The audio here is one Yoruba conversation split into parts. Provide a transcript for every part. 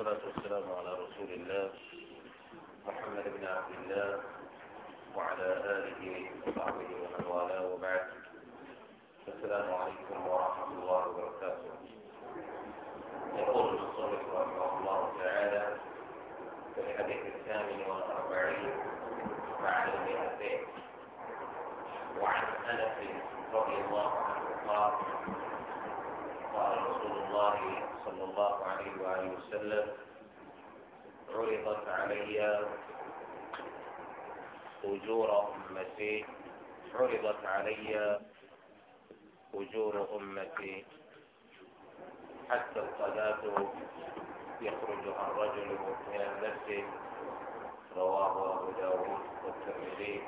والصلاة والسلام على رسول الله محمد بن عبد الله وعلى آله وصحبه ومن والاه وبعد السلام عليكم ورحمة الله وبركاته يقول المصنف رحمه الله تعالى في الحديث الثامن والأربعين بعد المئتين وعن أنس رضي الله عنه قال قال رسول الله صلى الله عليه وآله وسلم عرضت علي أجور أمتي عرضت علي أجور أمتي حتى الصلاة يخرجها الرجل من نفسه رواه أبو داود والترمذي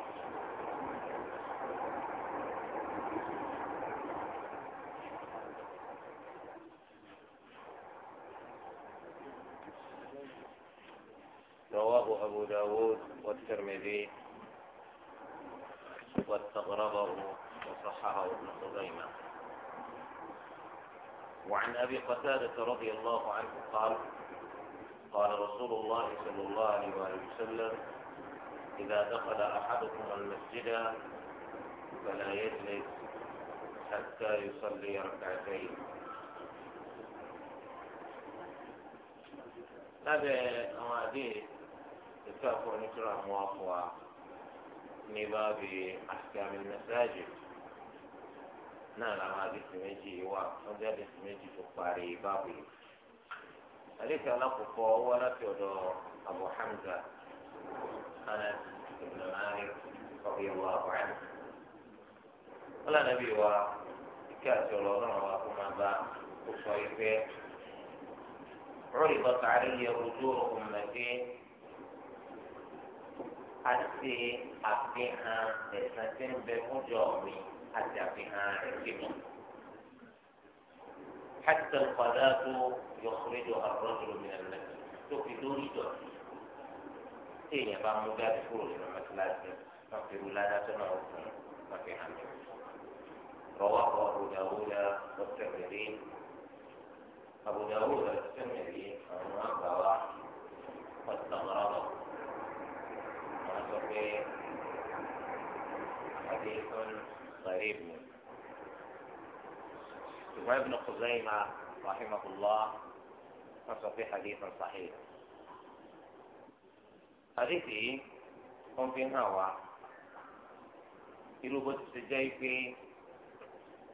داود والترمذي واستغربه وصححه ابن خزيمة وعن أبي قتادة رضي الله عنه قال قال رسول الله صلى الله عليه وسلم إذا دخل أحدكم المسجد فلا يجلس حتى يصلي ركعتين هذا حديث títí àpò oníṣòro àwọn afọ wa ní báàbí àṣìkàmì mẹsáàgì náà làwọn àdìsí méjì wà wọn jẹ àdìsí méjì tó parí báàbí yìí. حديث لقب ونفر أبو حمزة أنس بن مالك رضي الله عنه ولا نبي وكاتب الله وما باء وصيفه عرضت علي رجوع أمتي àti àfihàn ẹ̀sìn tí ń bẹ fúnjọ mi àti àfihàn rẹ̀ sí mi. حتى القذاة يخرجها الرجل من المسجد تفي دوري دوري إيه يبقى مجال فول من المسلسل ما في ولادة ما ما في حمل رواه أبو داود والترمذي أبو داود والترمذي عن واحد واستمرضه sọ pé àdéhùn gharib ni ṣùgbọ́n Ibn Khuzaymah rahimahullah wọ́n sọ pé àdéhùn sahih àdéhùn yìí wọ́n fi hàn wá irú bó ti ṣe jẹ́ pé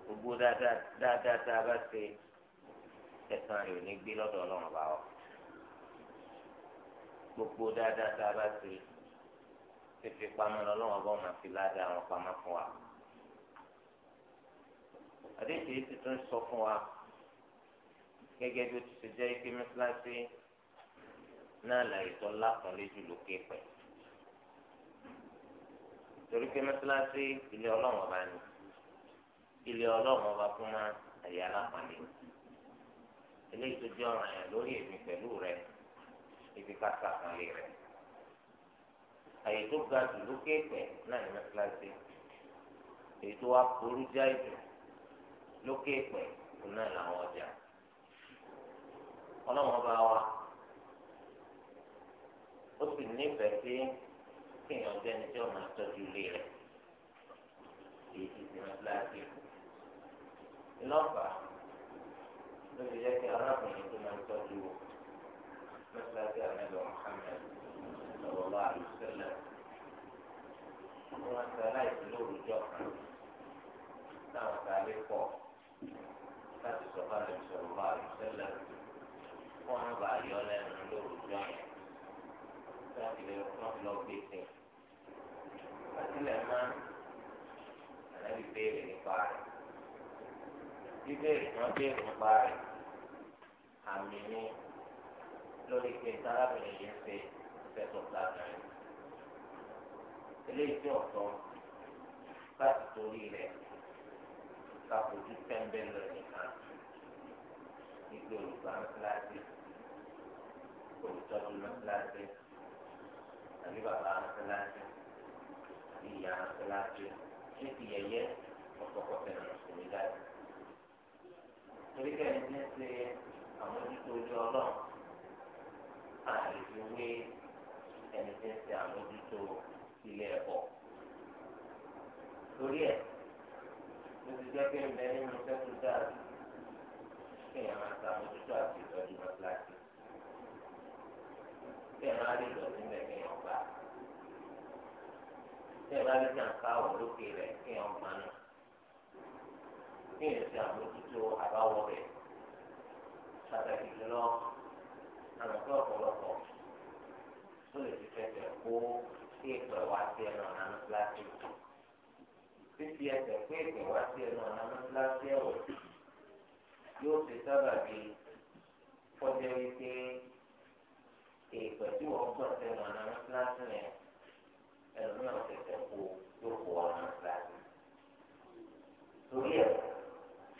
gbogbo dáadáa tá a bá ṣe ẹ̀san rẹ̀ ní gbé lọ́dọ̀ ọlọ́run bá wa gbogbo dáadáa tá a bá ṣe fífi pamọ́ lọ́wọ́ bá wọn fi ládàá àwọn pamọ́ fún wa. àdéhùn ti tún sọ fún wa gẹ́gẹ́ bí o ti ṣe jẹ́ ike mẹ́sàlásí náà lẹ́yìn tó lápọ̀lé jù lókè pẹ̀. torí pé mẹ́sàlásí ilé ọlọ́run ọba ni ilé ọlọ́run ọba fún wa àyè alápàlé eléyìí tó jẹ́ ọ̀ràn yẹn lórí èmi pẹ̀lú rẹ̀ ibi ká sàpàlé rẹ̀ àyè tó ga jù lókè pẹ̀ náà ní mẹ́tíláṣí èyí tó wá burú jáì jù lókè pẹ̀ kò náà làwọn ọjà ọlọ́wọ́n bá wa ó sì nífẹ̀ẹ́ sí kéèyàn jẹ́ni tí ọ̀nà àtọ́jú ilé rẹ̀ èyí ti di mẹ́tíláṣí lọ́pàá ló ti jẹ́ kí arákùnrin tó máa ń tọ́jú mẹ́tíláṣí àmẹ́lò Muhammad sọ̀rọ̀ lọ àlùsẹ̀lẹ̀ wọn ti aláìsí lóòrùjọ táwọn tààlé pọ̀ láti sọ bá lè sọ̀rọ̀ lọ àlùsẹ̀lẹ̀ wọn náà bá yọ lẹ́nu lóòrùjọ yẹn láti lè wọn lọ gbé sí láti lè má ànábi béèrè nípa rẹ̀ bíbéèrè wọn béèrè nípa rẹ̀ àmì ni lórí pé sárábìnrin yìí ń ṣe. fẹ́ tó ta jẹ́ eléyìí tí ọ̀tọ̀ láti torí rẹ̀ káfojú pẹ́ńbẹ́lẹ̀ nìkan nígbà olùgbà mẹ́tíláṣí olùtọ́jú mẹ́tíláṣí àbí bàbá mẹ́tíláṣí àbí ìyá mẹ́tíláṣí è ti yẹyẹ ọ̀pọ̀pọ̀pẹ̀ mùsùlùmí jáde. torí kẹ́ni ti ń ṣe àmójútó ojú ọlọ́run àlè fi wé. ẹni tí ń ṣe àmójútó ilé ẹ̀kọ́. torí ẹ̀ ló ti jẹ́ pé ẹ̀mẹ́ nínú sẹ́kù dáàbì kéèyàn máa ṣàmójútó àti ìtọ́jú mọ́tíláṣí. kéèyàn máa lè lọ sílẹ̀ kéèyàn gbà. kéèyàn bá lè jàǹká wọ̀ lókè rẹ̀ kéèyàn gbà náà. kéèyàn ṣe àmójútó àbáwọ̀ rẹ̀ pàtàkì jùlọ àwọn tó ọ̀pọ̀lọpọ̀ tó lè fi fẹsẹ̀ kó sí ìpè wá sí ẹnu ọ̀nà mọ́sálásí. fífi ẹsẹ̀ pé ìpè wá sí ẹnu ọ̀nà mọ́sálásí ẹ̀wọ̀ yóò ṣe sábà bí fọ́jọ́ wípé ìpè tí wọ́n gbọ́ sẹ́nu ọ̀nà mọ́sálásí yẹn ẹlòmíràn tẹ̀sẹ̀ kó yóò kó ọ̀nà mọ́sálásí. torí ẹ̀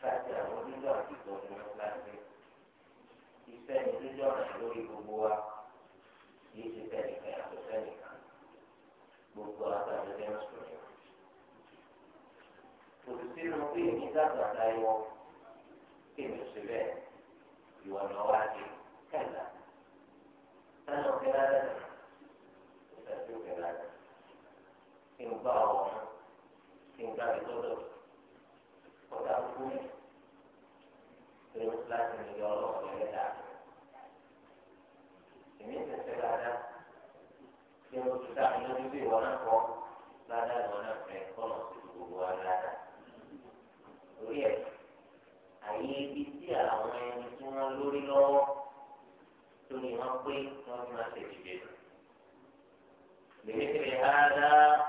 káàkiri àwọn onídọ̀ àti ìtọ́jú mọ́sálásí iṣẹ́ ìdíjọ́ rẹ̀ lórí gbogbo wa kì í ṣe bẹ́ẹ̀ nìkan yàtọ̀ bẹ́ẹ̀ nìkan gbogbo àtàwọn ẹgbẹ́ mùsùlùmí. kò sí sínú pé èmi dàgbà láyọ̀ kí èmi ṣe bẹ́ẹ̀ ìwà náà wá sí kẹlà lánàá kẹlà lẹ́nu ìtàkì kẹlà lẹ́nu kí n bá ọ̀ kí n gbàgbé lọ́dọ̀ ọ̀dà fún mi. Terus lah, ini Allah, ini من سبعنا يوم تدع النبي ونقوم بعد أن ونقوم خلاص ولا ويا أي بيتي على وين كنا لوري لو توني ما بقي توني ما تجيبه لمثل هذا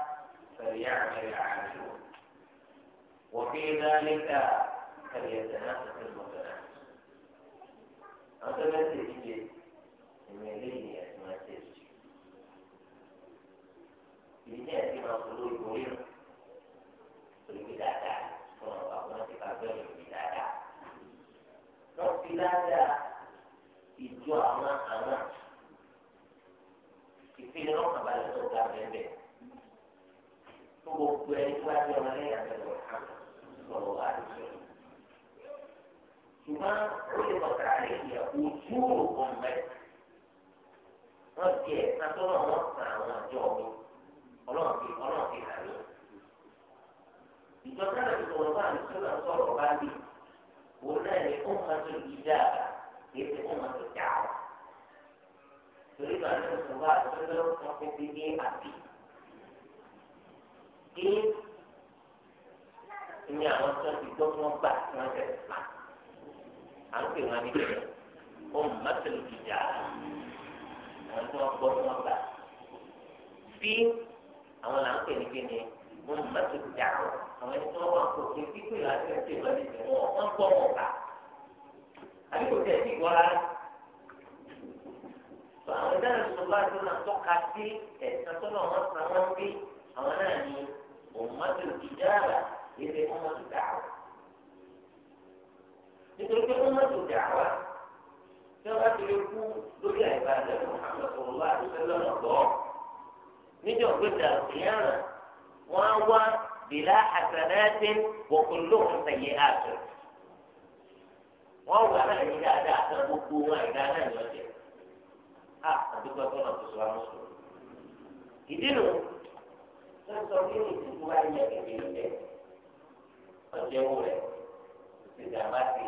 فليعمل العاملون وفي ذلك فليتنافس المتنافس هذا لا تجيبه ìwé eléyìí ẹ̀sìn máa ṣe èsì. Ibi tí ẹ̀sìn máa fún lórí orí rẹ̀ torí pé dáadáa fún ọ̀pá wọn ti ká bẹ́ẹ̀ lórí dáadáa. Wọ́n fi dáadáa ìjọ àwọn àwọn ìpínlẹ̀ ọkàn balẹ̀ tó ga bẹ́ẹ̀ tó gbogbo ẹni tó bá jẹ́ ọmọ lẹ́yìn àbẹ̀wò sọ̀rọ̀ àdúgbò. Ṣùgbọ́n ó lè bọ̀ sàárè ìyẹ̀wò ojú òògùn mẹ́ta wọ́n ti ẹ̀ sátọ́nà wọn sàn àwọn àjọ mi ọlọ́run fi ọlọ́run fi hàn mí. ìjọba náà ti sọ̀rọ̀ bá àmì sọ́nà sọ̀rọ̀ bá mi wò náà ni ó máa tó ìdá kì í ṣe ó máa tó dà ọ́. torí bá àmì sọ̀rọ̀ bá àti sọ́nà wọn fi fi ní àbí. kí ni àwọn tó ti gbọ́ wọn gbà tí wọ́n tẹ̀lé pa? à ń pè wọn ní kí ó máa tó ìdá kì àwọn tí wọ́n gbọ́ tí wọ́n gbà fi àwọn là ń pè ní kíni mo ní má ti dà ọ́ àwọn ẹni tí wọ́n wà kó pé kíkó ìlà tí wọ́n ti wọ́n ti tẹ̀ wọ́n wọ́n gbọ́ wọn gbà àbí kò tẹ̀ sí ìwọ́ra tó àwọn ìdáná tó bá tó náà tọ́ka sí ẹ̀sán tó náà wọ́n san wọ́n gbé àwọn náà ní òun má ti ìjára èdè wọ́n má ti dà ọ́ nítorí pé wọ́n má ti dà ọ́ tí wọn bá ti lè kú lórí àyíká àdàbí Muhammad sọlá àdúgbò lọgbọ níjọ gbèsè àlùkìyàrá wọn á wá bìlà àtàlẹ́tì wọ̀kùnlóhùn sẹ̀yẹ àtọ̀ wọn wà láàyè dáadáa àtàwọn gbogbo wọn àyíká náà ní ọjọ́ a àdúgbò tó náà tó sọ àwọn sọ ìdí nu sọ pé ní ìdúgbò ayé ẹgbẹ́ rẹ ọjọ́ wọlé ìdàgbàsí.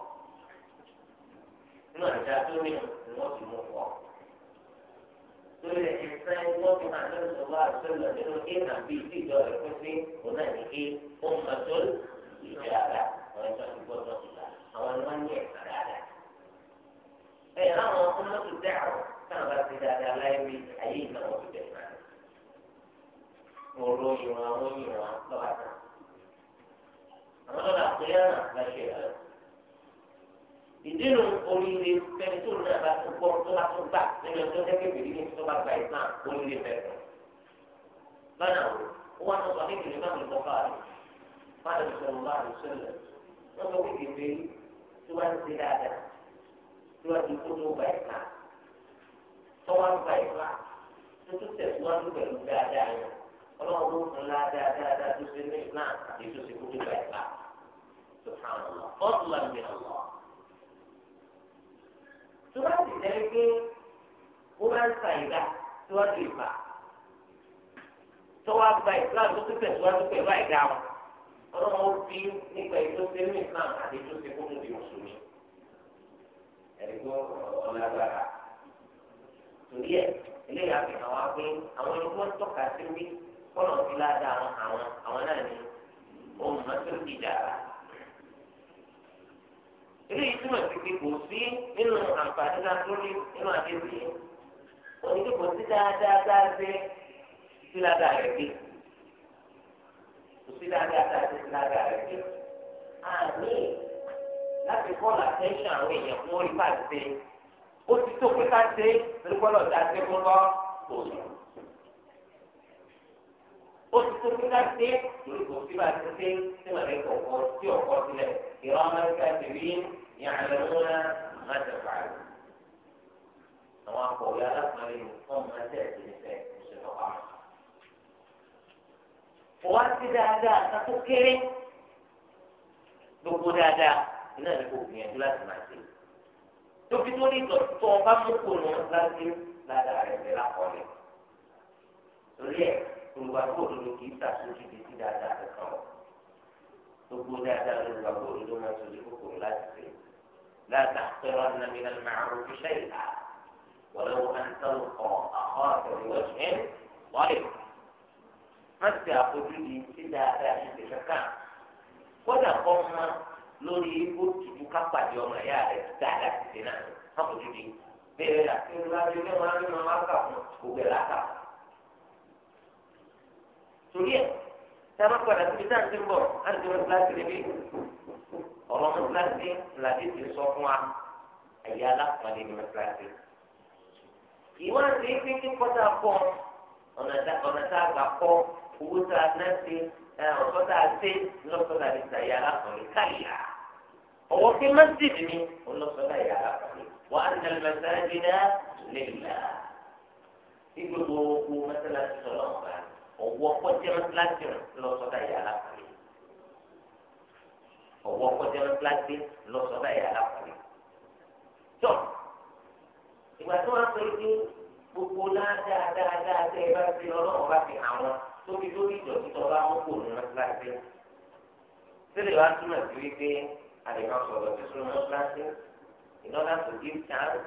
nínú àjà tó ní ni wọ́n ti mú pọ̀. lórí ẹ̀jẹ̀ sáyẹn wọ́n fi hàn lórí sọ̀rọ̀ àṣọlọ̀ nínú a and b tí ìjọ rẹ̀ pín sí òun náà ní a ó máa tó ìjọ àgbà àwọn ẹ̀jọ́ ti gbọ́dọ̀ ti gbà àwọn ni wọ́n ní ẹ̀ka dáadáa. ẹ̀ láwọn ọmọ tó dẹ́ àrùn táwọn bá ti dáadáa láì rí ayé ìnáwó tó dẹ̀ náà. mo ro ìwọ̀n àwọn ìwọ̀n lọ́wọ́ àtàn. àwọn lọ́dà àpẹẹrẹ náà ìdínú oríire fẹni tó náà bá tó gbọ́ tó bá tó gbà nínú ẹjọ́ jẹ́ kébìrì ní tó bá gba ìsàn oríire fẹ̀rẹ̀. lọ́nà ó wá sọ ní ìrìn náà lọ́kọ́ rẹ̀ fáwọn ìṣòro bá rẹ̀ sọ̀rọ̀ wọ́n sọ pé kébé tó bá ń ṣe dáadáa tó bá ti kó tó gba ìsàn tó wá gba ìsàn tó tó tẹ̀síwájú pẹ̀lú dáadáa yẹn ọlọ́run ló fún la dáadáa tó ṣe ní ìsàn àti tó ṣe kó tó gba ìsàn tó bá sì jẹ́ pé ó máa ń sa ìdá síwájú ìfà tọ́wọ́ àgbà ìfúlà tó tún tẹ̀síwájú pẹ̀lú àìdá wọn ọlọ́run ó bí nípa ètò sẹ́nu ìsàn àti ètò sẹ́kọ́ tó di mùsùlùmí ẹ̀rígbọ́ ọ̀làgbára torí ẹ̀ eléyà fi hàn wá pé àwọn ẹni wọ́n tọ́ka sí wí kọ́nà ti ládàá àwọn àwọn náà ni ohun mọ́tò ìjà rà eléyìí túmọ̀ sí pé kò sí nínú àǹfààní lásìkò nínú àdébí onídìí kò sí dáadáa dáadé sí ládàá rẹ̀ gbé kò sí dáadáa dáadé sí ládàá rẹ̀ gbé àmì láti kọ́ làtẹ́ńṣàn àwọn èèyàn fún orí pàṣẹ ó ti tó pé ká ṣe é lórúkọ lọ́ọ́ fún lọ́ọ́ kò ó ti tó kí ká dé lóko tí bá ti dé tí wọn lè kọkọ tí ọkọ tilẹ̀ ìran amẹríkà ti rí ní àlẹmúnà má ti fà á. àwọn akọ̀wé alákùnrin ní fọ́ọ̀mù máa tẹ̀ sí ní fẹ́ oṣù tó pa. wá sí dáadáa kakó kéré gbogbo dáadáa iná ní kò gbìyànjú láti máa ṣe. tóbi tó ní ìtọ́jú tó ọba mú kó lọ láti ládàá rẹ̀ lẹ́la kọ́lẹ̀. torí ẹ̀. olùwà tó òdodo kì í sàtúnṣe ti ti dáadáa kankan o gbogbo dáadáa olùwà tó òdodo máa sojú kòkòrò láti ṣe láti àpẹẹrẹ ọ̀nà mi náà máa ń fi ṣe ìhà wọlé wọn á ń tán ọ àkọ́ àtẹ̀wé wọ́n ṣe wọ́ọ̀lì má ti àfojú di ti dáadáa ṣe kankan kódà kọ́ mọ́ lórí ikú tuntun kápàdé ọmọ ẹ̀yà rẹ̀ dáadáa ti ṣe náà má fojú di bẹ́ẹ̀ àti olùwà tó ní wọn á ní wọn á kà fún gbogbo ẹ̀ látà fún torí ẹ̀ sábà padà síbi náà ti ń bọ̀ láti wọ́n kíláàsì rẹ̀ bí ọ̀rọ̀ mọ́ kíláàsì làdí ti sọ fún wa àyè alákùnrin ní mọ́ kíláàsì. ìwọ́n àti ife kíkọ́ tá a kọ́ ọ̀nà tá a gbà kọ́ owó tá a ná sí ọ̀tọ́ tá a sé lọ́sọ̀dà ní sàyè alákùnrin káyà. ọ̀wọ́ kí masjid ni olóṣọ̀dà yà alákùnrin wà á nà lọ́sọ̀dà ní ilà. ìgbòho mọ́sálásí sọ̀rọ̀ ọwọ́ kọjá láti rìn lọ́sọ̀dá yàrá kùnrin ọwọ́ kọjá láti lọ́sọ̀dá yàrá kùnrin. tó ìgbà tí wọ́n á pè é gbogbo dáadáa dáadáa tẹ́ ẹ bá ti ọlọ́run bá fi hàn wọn tóbi lórí ìdọ̀tí tó bá wọn kò nínú kíláàsì. sílẹ̀ wá túmọ̀ sí wípé àdìgbà sọ̀rọ̀ tí súnmọ́ kíláàsì ìnáwó tó dé chance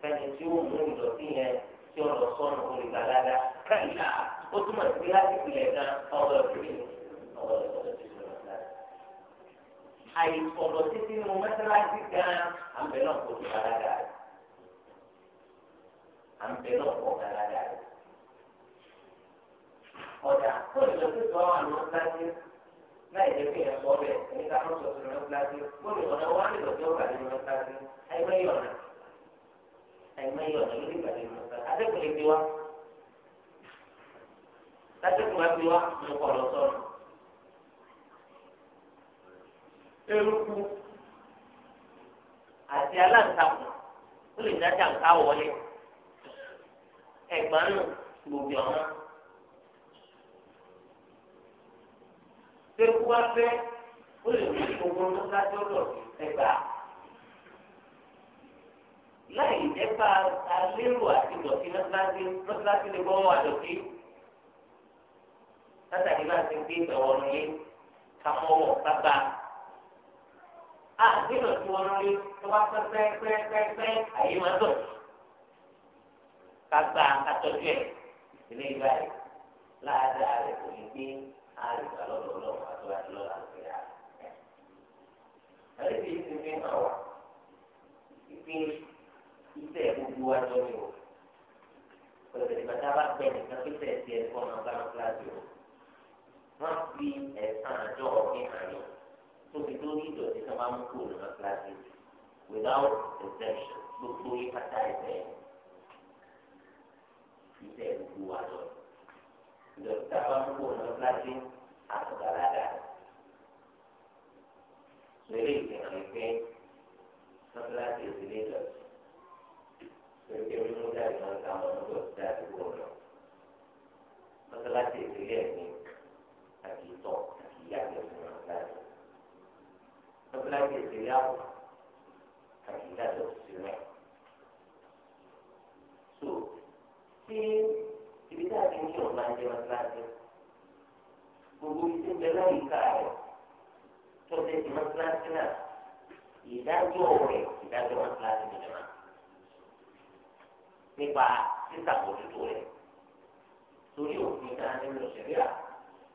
fẹ́ni tí ó mú ìdọ̀tí yẹn tí ó lọ sọ́nù olùgbàládá kẹ́lá ó túmọ̀ sí láti ìpìlẹ̀ kan ọ̀rọ̀ ìpìlẹ̀ ọ̀rọ̀ ìpìlẹ̀ àìsọ̀rọ̀ títí ní mo mẹ́sàlásí gan àmbẹ̀ náà kò tó alága rẹ̀ àmbẹ̀ náà kò tó alága rẹ̀ ọ̀dà tó ìlú tó tọ́ àwọn mẹ́sàlásí láì jẹ́ pé ẹ̀kọ́ bẹ̀ ní ká lọ́sọ̀ tó mẹ́sàlásí lórí ọ̀nà wọn lè lọ́jọ́ wà ní mẹ́sàlásí àìmẹ́yọ̀nà àìmẹ́yọ̀nà lórí ìgbàlejò mẹ́sàlásí adẹ́kùnrin ti wá látẹ̀kùn bá ti wá lọ́kọ̀ lọ sọ̀rọ̀. eruku àti aláǹtakùn ó lè dájà ká wọlé ẹ̀gbọ́n nù gbòógì ọ̀hún. eruku bá fẹ́ ó lè mú gbogbo tó dájọ́ lọ ẹgbàá láì jẹ́ pa alérò àti dọ̀tí lọ́síláṣí lọ́síláṣí lè bọ́ àdọ̀tí látàrí bá ti gbé ìgbà wọnú yé ká mọ́wọ́ sábà. a nílò tí wọ́n rí tó bá pẹ́ pẹ́ pẹ́ pẹ́ pẹ́ àyè máa dọ̀ ká gbà ká tọ́jú ẹ̀ ilé ìgbà rẹ̀ láàdáa rẹ̀ kò ní gbé àrùbá lọ́dọ̀ lọ́wọ́ àtúwà tí lọ́la ń pèrè àrùn. àlejò yìí ti fi hàn wá ìpín iṣẹ́ gbogbo wa jọ ní o. Olùdókítà bá gbẹ̀yìn kan pé tẹ̀sí ẹ̀ fọ́nà bá ń kíláàsì o. wọ́n fi ẹ̀sán àjọ ọ̀gbìn àyè tóbi tó ní ìdọ̀tí tó máa ń kú ní mọ́tíláṣí without exemption gbogbo ìpàtà ẹ̀fẹ́ ìfẹ́ gbogbo wa lọ. ìdọ̀tí tó máa ń kú ní mọ́tíláṣí àtọ̀gbàlagà. Sọ̀rọ̀ ìgbìmọ̀ ìfẹ́ mọ́tíláṣí ìdílé ìdọ̀tí. Sọ̀rọ̀ ìgbìmọ̀ ìmúdàgbọ̀n táwọn ọmọdé ọ̀sẹ̀ àdúgbò lọ. mọ́tíláṣí ìdílé ẹ̀mí. àti ìtọ̀ àti ìyàgbẹ́ fún àgbáyé. Abúláyé ìgbéyàwó àti ìdájọ́ sílẹ̀. So tí ibi tá a ti ń sọ máa ń jẹ mọ́tíláṣí, gbogbo ibi ń bẹ láyé ká tó ṣe ti mọ́tíláṣí náà, ìdájọ́ rẹ̀ ìdájọ́ mọ́tíláṣí nìyẹn máa. Nípa títàkùn tuntun rẹ̀ torí òfin náà nínú ìṣẹ̀lẹ̀ àti.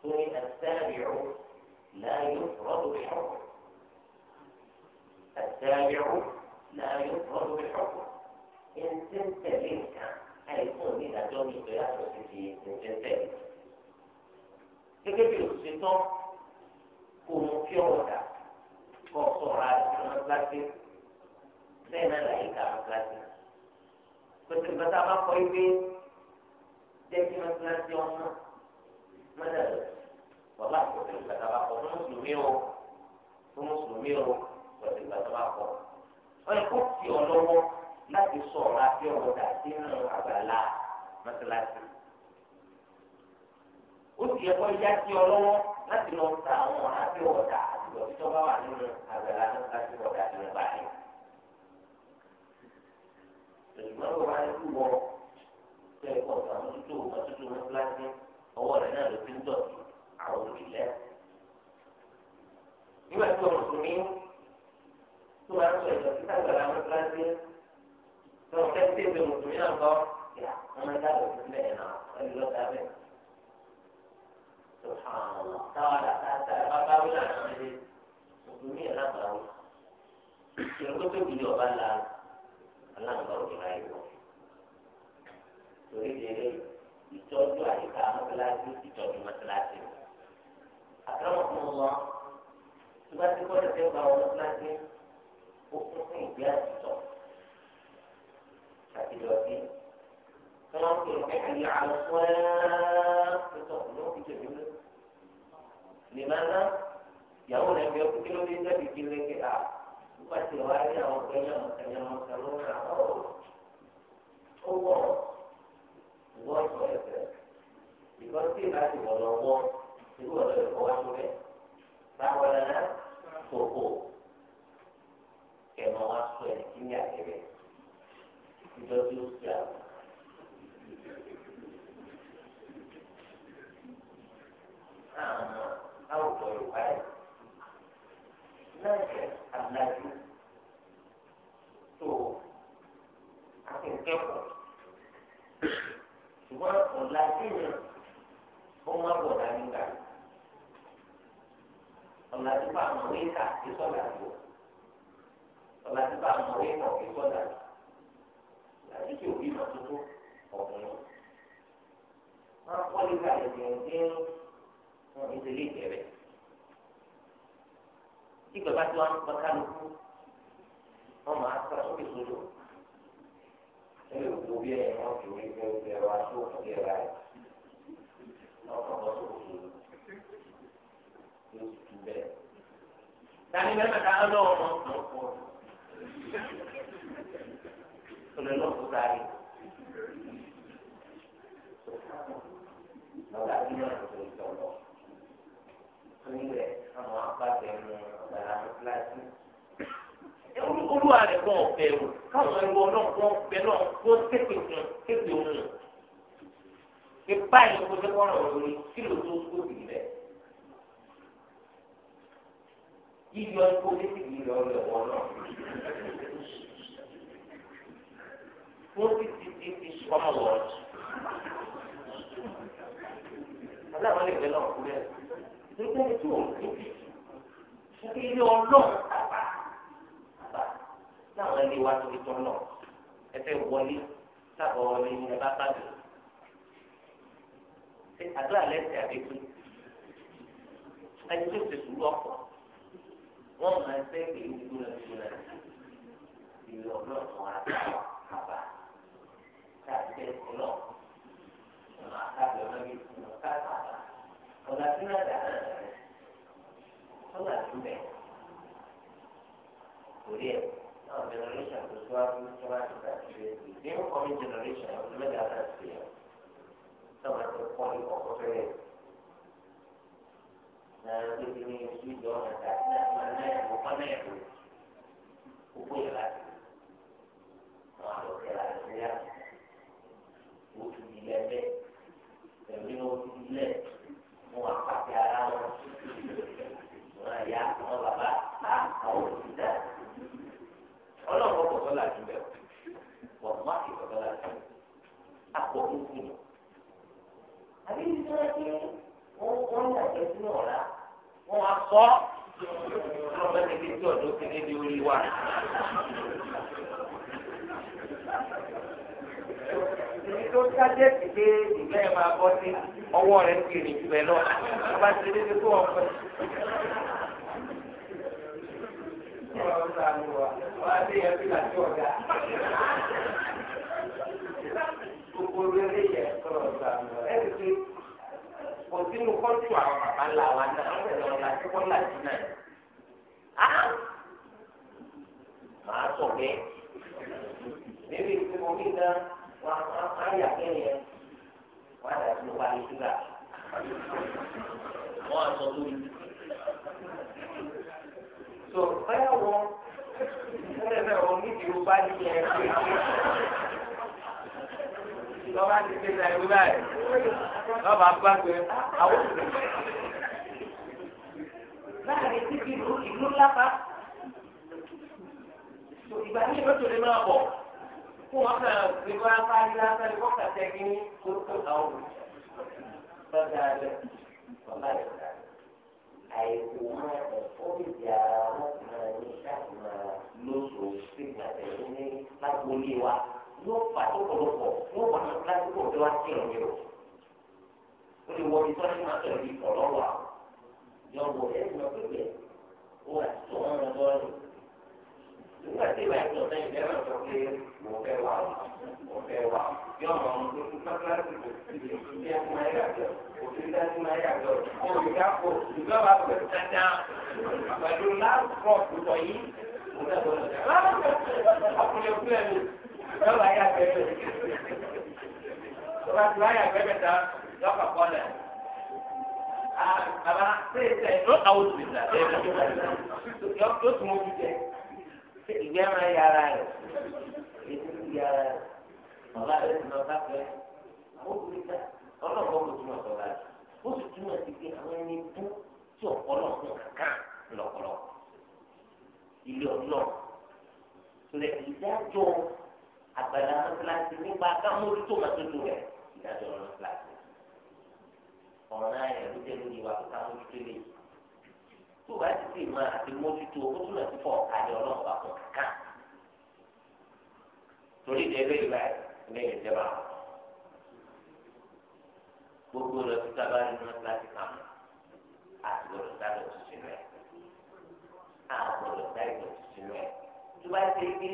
التابع لا يفرض بحكم التابع لا يفرض بحكم إن تنتبه هيكون من أجل القياس التي تنتبه gẹ́gẹ́ bí òṣìṣẹ́ kò mú kí ọ̀rọ̀ dà kó sọ̀rọ̀ àti ọmọ gíláṣí lẹ́yìn náà láyé ká ọmọ gíláṣí. pẹ̀tẹ̀pẹ̀tẹ̀ a máa kọ́ ibi jẹ́ kí ọmọ gíláṣí ọmọ. mọ́tàlù wọ́n bá kọ̀ pẹ̀lú gbàtà bá kọ̀ fún mùsùlùmí o fún mùsùlùmí o pẹ̀lú gbàtà bá kọ̀. wọ́n yẹ kó fi ọ lọ́wọ́ láti sọ ọ̀rọ̀ àti ọ̀rọ̀ dà sí inú àgbàlá mọ́tàlásì. ó sì yẹ kó yá sí ọ lọ́wọ́ láti lọ ta àwọn ọ̀rọ̀ àti ọ̀rọ̀ dà àtìgbọ̀ tí wọ́n bá wà nínú àgbàlá mọ́tàlásì ọ̀dà nínú báyìí. ìgbà wo wá ọwọ́ rẹ̀ náà ló ti ń dọ̀tí àwọn òrìlẹ́. nígbà tí ọmọ mùsùlùmí tó máa ń sọ ìjọ títà gbàgbà mọ́tíláṣí tó ń fẹ́ tí èdè mùsùlùmí náà kọ́ yà wọ́n máa dábọ̀ sí bẹ́ẹ̀ náà wọ́n lè lọ dábẹ́. subhanallah táwa àtàtà bàbá wíwà náà lè mùsùlùmí yẹn lábàá wò. ìrọ̀kọ́ tó kìlì ọ̀bá la aláǹgbá òkè láyé wọ̀. torí ìtọ́jú àyíká mọ́tíláṣí ìtọ́jú mọ́tíláṣí. àtàwọn ọmọ wọn tí wọ́n ti kọ́lé tẹ́ bá wọn mọ́tíláṣí ó kún fún ìgbé àtìtọ́ àti ìdọ̀tí. wọ́n ń pè é kí àwọn ẹ̀ẹ́dẹ́gbẹ̀tọ̀ ló ń fi tẹ̀lé lé. lèmọ́nà ìyàwó rẹ̀ bí ọkùnrin ló dé jáde kí léke à wọ́n ti wá rí àwọn kẹ́yàmù kẹ́yàmù kẹ́yàmù kẹ́yàmù wọ́n sọ ẹ̀fẹ̀ ìkọ́ tí ìlà ti wọ̀ lọ́wọ́ irú ọ̀dọ́ ìkọ́ wá tó bẹ́ẹ̀ táwọn ẹ̀rọ sòkò kẹ̀mọ́ wá sọ ẹ̀ kí ní àkẹ́rẹ́ ìjọ tí ó ti àwọn. Àmọ́ àwùjọ Yorùbá yìí náà jẹ́ àlájú tó akẹ́kọ̀ọ́ ṣùgbọ́n ọ̀la kéèyàn ó má bọ̀ dání gbà ọ̀la tí bá àwọn ọ̀rẹ́ kà kí sọ̀dà bọ̀ ọ̀la tí bá àwọn ọ̀rẹ́ kà kí sọ̀dà bọ̀ láti kí òbí máa tó tó ọ̀kùnrin wọn kọ́ nígbà ìdíyẹ̀dẹ́ wọn ìdílé ìbẹ̀rẹ̀ tí bàbá tí wọn bá kálukú wọn máa sọ sókè sódò ṣé tó bí ẹ̀yìn wọn tó rí pé o ti ra tó fún ẹ ra ẹ̀ lọ́kàn tó kù ló ti tu Dání bẹ́ẹ̀ mẹ́ta lọ́wọ́ wọn tó pọ̀ olè lọ́kùn sáré. Lọ́dà bí wọ́n ti tó ìtọ̀ lọ. Torí rẹ̀ àwọn apá tẹ̀ mú ọ̀dàlà mú kíláàsì olúwa rẹ̀ kọ́ ọ̀fẹ́ káwọn ẹ̀rọ náà kọ́ ọ̀fẹ́ náà kó tètè fún tètè òun pé báyìí kó tẹ́ kọ́rọ̀ lórí kílò tó kó bì rẹ̀ yíyọ kó tètè yìí lọ rẹ̀ wọ́n náà wọ́n ti ti ti ti sọ́mọ̀ wọ́n aláwọ̀ lè fẹ́ náà kú rẹ̀ nígbà tí òun ti ti ilé ọlọ́run láwọn ilé wa torí tọ́ náà ẹ fẹ́ wọlé sábà wọlé ẹ bá pàdé ṣe àdúrà lẹ́sẹ̀ àbẹ́kú ẹni tó ti sùúrù ọ̀pọ̀ wọ́n máa ń fẹ́ pé ìdúró rẹ̀ ti rẹ̀ ìlú ọlọ́ọ̀tún wa kàbà káàkiri ọlọ́ ọ̀nà àkàbẹ̀ ọlọ́ọ̀gì ọ̀nà káàkiri ọ̀nà tí wọ́n dà náà rẹ̀ ọ̀nà tí bẹ̀ kò rí ẹ̀. Now, generation to swap is traumatic actually. The incoming generation of media atmosphere. Some of the point of operate. Now, if you need to see your attack, that's my man, who can I do? Who put it like? No, I don't I don't care. Who should be left there? The window to be left. Mo wà pàtẹ ara wọn. Mo náà yá, mo bàbá, àwọn òṣìṣẹ́ ọlọ́run ọkọ̀ sọ́lá jù bẹ́ẹ̀ wọ́n má kì í sọ́lá jù àpò ìsìn àbí ìṣẹ́ kí wọ́n ń yàgbẹ́ sínú ọ̀la wọ́n á sọ ọlọ́run ẹni tí ọ̀dọ́ ti dé di orí wa. tó sájẹ́ ti dé ìgbẹ́ ẹ̀ máa bọ́ sí ọwọ́ rẹ̀ ń kiri jù bẹ́ẹ̀ lọ. Bàbá ti dé tó ọ̀pẹ. Gbogbo rere yẹ kọlọ sàmù ẹ ti fi kò sínú kọ́tù àwọn bàbá ńlá wa náà wọ́n lọ la tí wọ́n láti náà. Á màá sọ pé bébí tí mo rí náà wà á yà kẹ́yẹ wà á dàbí wà á lè dúrà. Wọ́n á sọ lórí so báyà wọ́n ẹ̀rẹ̀ wọ́n ní ìlú bá ní ẹ̀ lọ́wọ́ á ti ṣe ta ìlú báyìí lọ́wọ́ bá bá pé àwọn òṣèlú láàrin títí ìlú ìlú ńlá pa ìgbà ní ìlú tó lè máa bọ̀ fún wọn kàn ní wọn apá ní lásán ní wọn kàn kí ní kókó àwọn òṣèlú lọ́jà rẹ̀ ọ̀la ìgbà rẹ̀ àìkú máa ẹ̀fọ́ ìdí ara wọn máa ní káàkiri máa lóṣù sígbà tẹ̀lé ní lágbóyè wa yóò fà tó pọ̀lọpọ̀ yóò wà ní kíláàsìkò tó wá sí ọ̀rẹ́ o. ó lè wọ ibi tó máa tẹ̀lé ìkọ̀ àwọn yọ̀wọ̀ ẹ̀ ń lọ pípẹ́ ó wà tó wọn lọ lọ́rùn nígbà tí ìwà ẹ̀sìn ọ̀sẹ̀ ìjẹ́ náà sọ pé mo fẹ́ wà ó mo fẹ́ wà ó yọ ọmọ ọmọ tó fún pátákì tó ti di ìdí ẹkún ayé àjọ òfin dájú ayé àjọ olùkà kò ìgbà wà pẹ̀ tata pẹ̀lú láàpọ̀ tó yìí mo fẹ́ bọ̀ lọ́jà ọkùnrin òkú ẹ̀mí lọ́wọ́ ayé àgbẹ̀bẹ̀ lọ́wọ́ àti ayé àgbẹ̀bẹ̀ ta lọ́kà kọ́lẹ̀ àbá ṣe é sẹ́yìn ló àwọn òṣèlú yọ tó tún ojú jẹ ìgbẹ́ máa yára rẹ̀ ètò ti yára rẹ̀ bàbá rẹ̀ ti lọ sáfẹ́ àwọn òkúta ọlọ́pàá kò túmọ̀ sọ̀rọ̀ rẹ̀ ó sì túmọ̀ sí pé àwọn ẹni tó tí ọ̀pọ̀lọpọ̀ kankan lọ̀pọ̀lọ̀ ilé ọlọ́ rẹ̀ ìdájọ́ àgbàdo amọ́síláṣí nípa akámójútó màtótó rẹ̀ ìdájọ́ ọlọ́síláṣí ọ̀ràn ayẹ̀lú jẹ́ lórí wa akámójútó lè yìí tó bá ti sì máa àti mójútó ó túnbọ̀ ti fọ àyè ọlọ́run bá fún kankan torí ìdẹ́gbẹ́ ìgbà ilé ìjọba gbogbo rẹ̀ ti sábà nínú láti kàn àti gbọdọ̀ sáré òṣìṣẹ́ rẹ̀ àgbọdọ̀ sáré òṣìṣẹ́ rẹ̀ tó bá ti gbé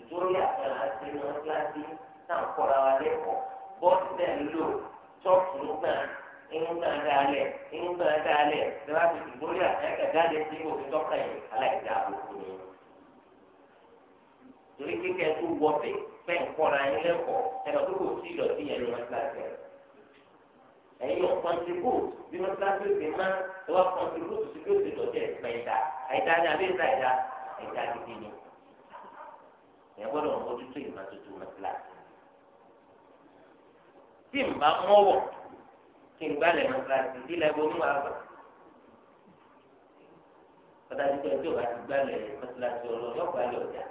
ìtòrí àtàlà àti nínú láti náà kọ́ra wa lẹ́kọ̀ọ́ bọ́ọ̀sì náà lò tọ́ọ̀tù náà inú náà dálẹ̀ inú náà dálẹ̀ lọ́wọ́ ti ti lórí àtẹ́kẹ̀ jáde sí òfin tọ́ka yìí aláìjà àbùkù ni. torí kíkẹ́ tó wọ́pẹ̀ fẹ́ nkọ́ra yín lẹ́kọ̀ọ́ ẹ̀rọ tó kò sí ìdọ̀tí yẹn ní wọ́n ti láti rẹ̀. ẹ̀yin ò kọ́ntribú bí wọ́n ti láti rẹ̀ má lọ́wọ́ kọ́ntribú tó ti bí ó ti dọ̀tí ẹ̀ ìdá àìdá ni àbí ìdá ìdá ìdá gidi ni. ẹ̀ gbọ́dọ̀ mójútó ìmọ̀ tuntun mọ́ kí n gbálẹ̀ mọ́ kíláàsì ìdílé ẹgbẹ́ oníwà àgbà. Ọ̀dà ti tẹ̀ tí o bá ti gbálẹ̀ mọ́tíláṣí ọlọ́yọ̀ gbálẹ̀ ọ̀dà.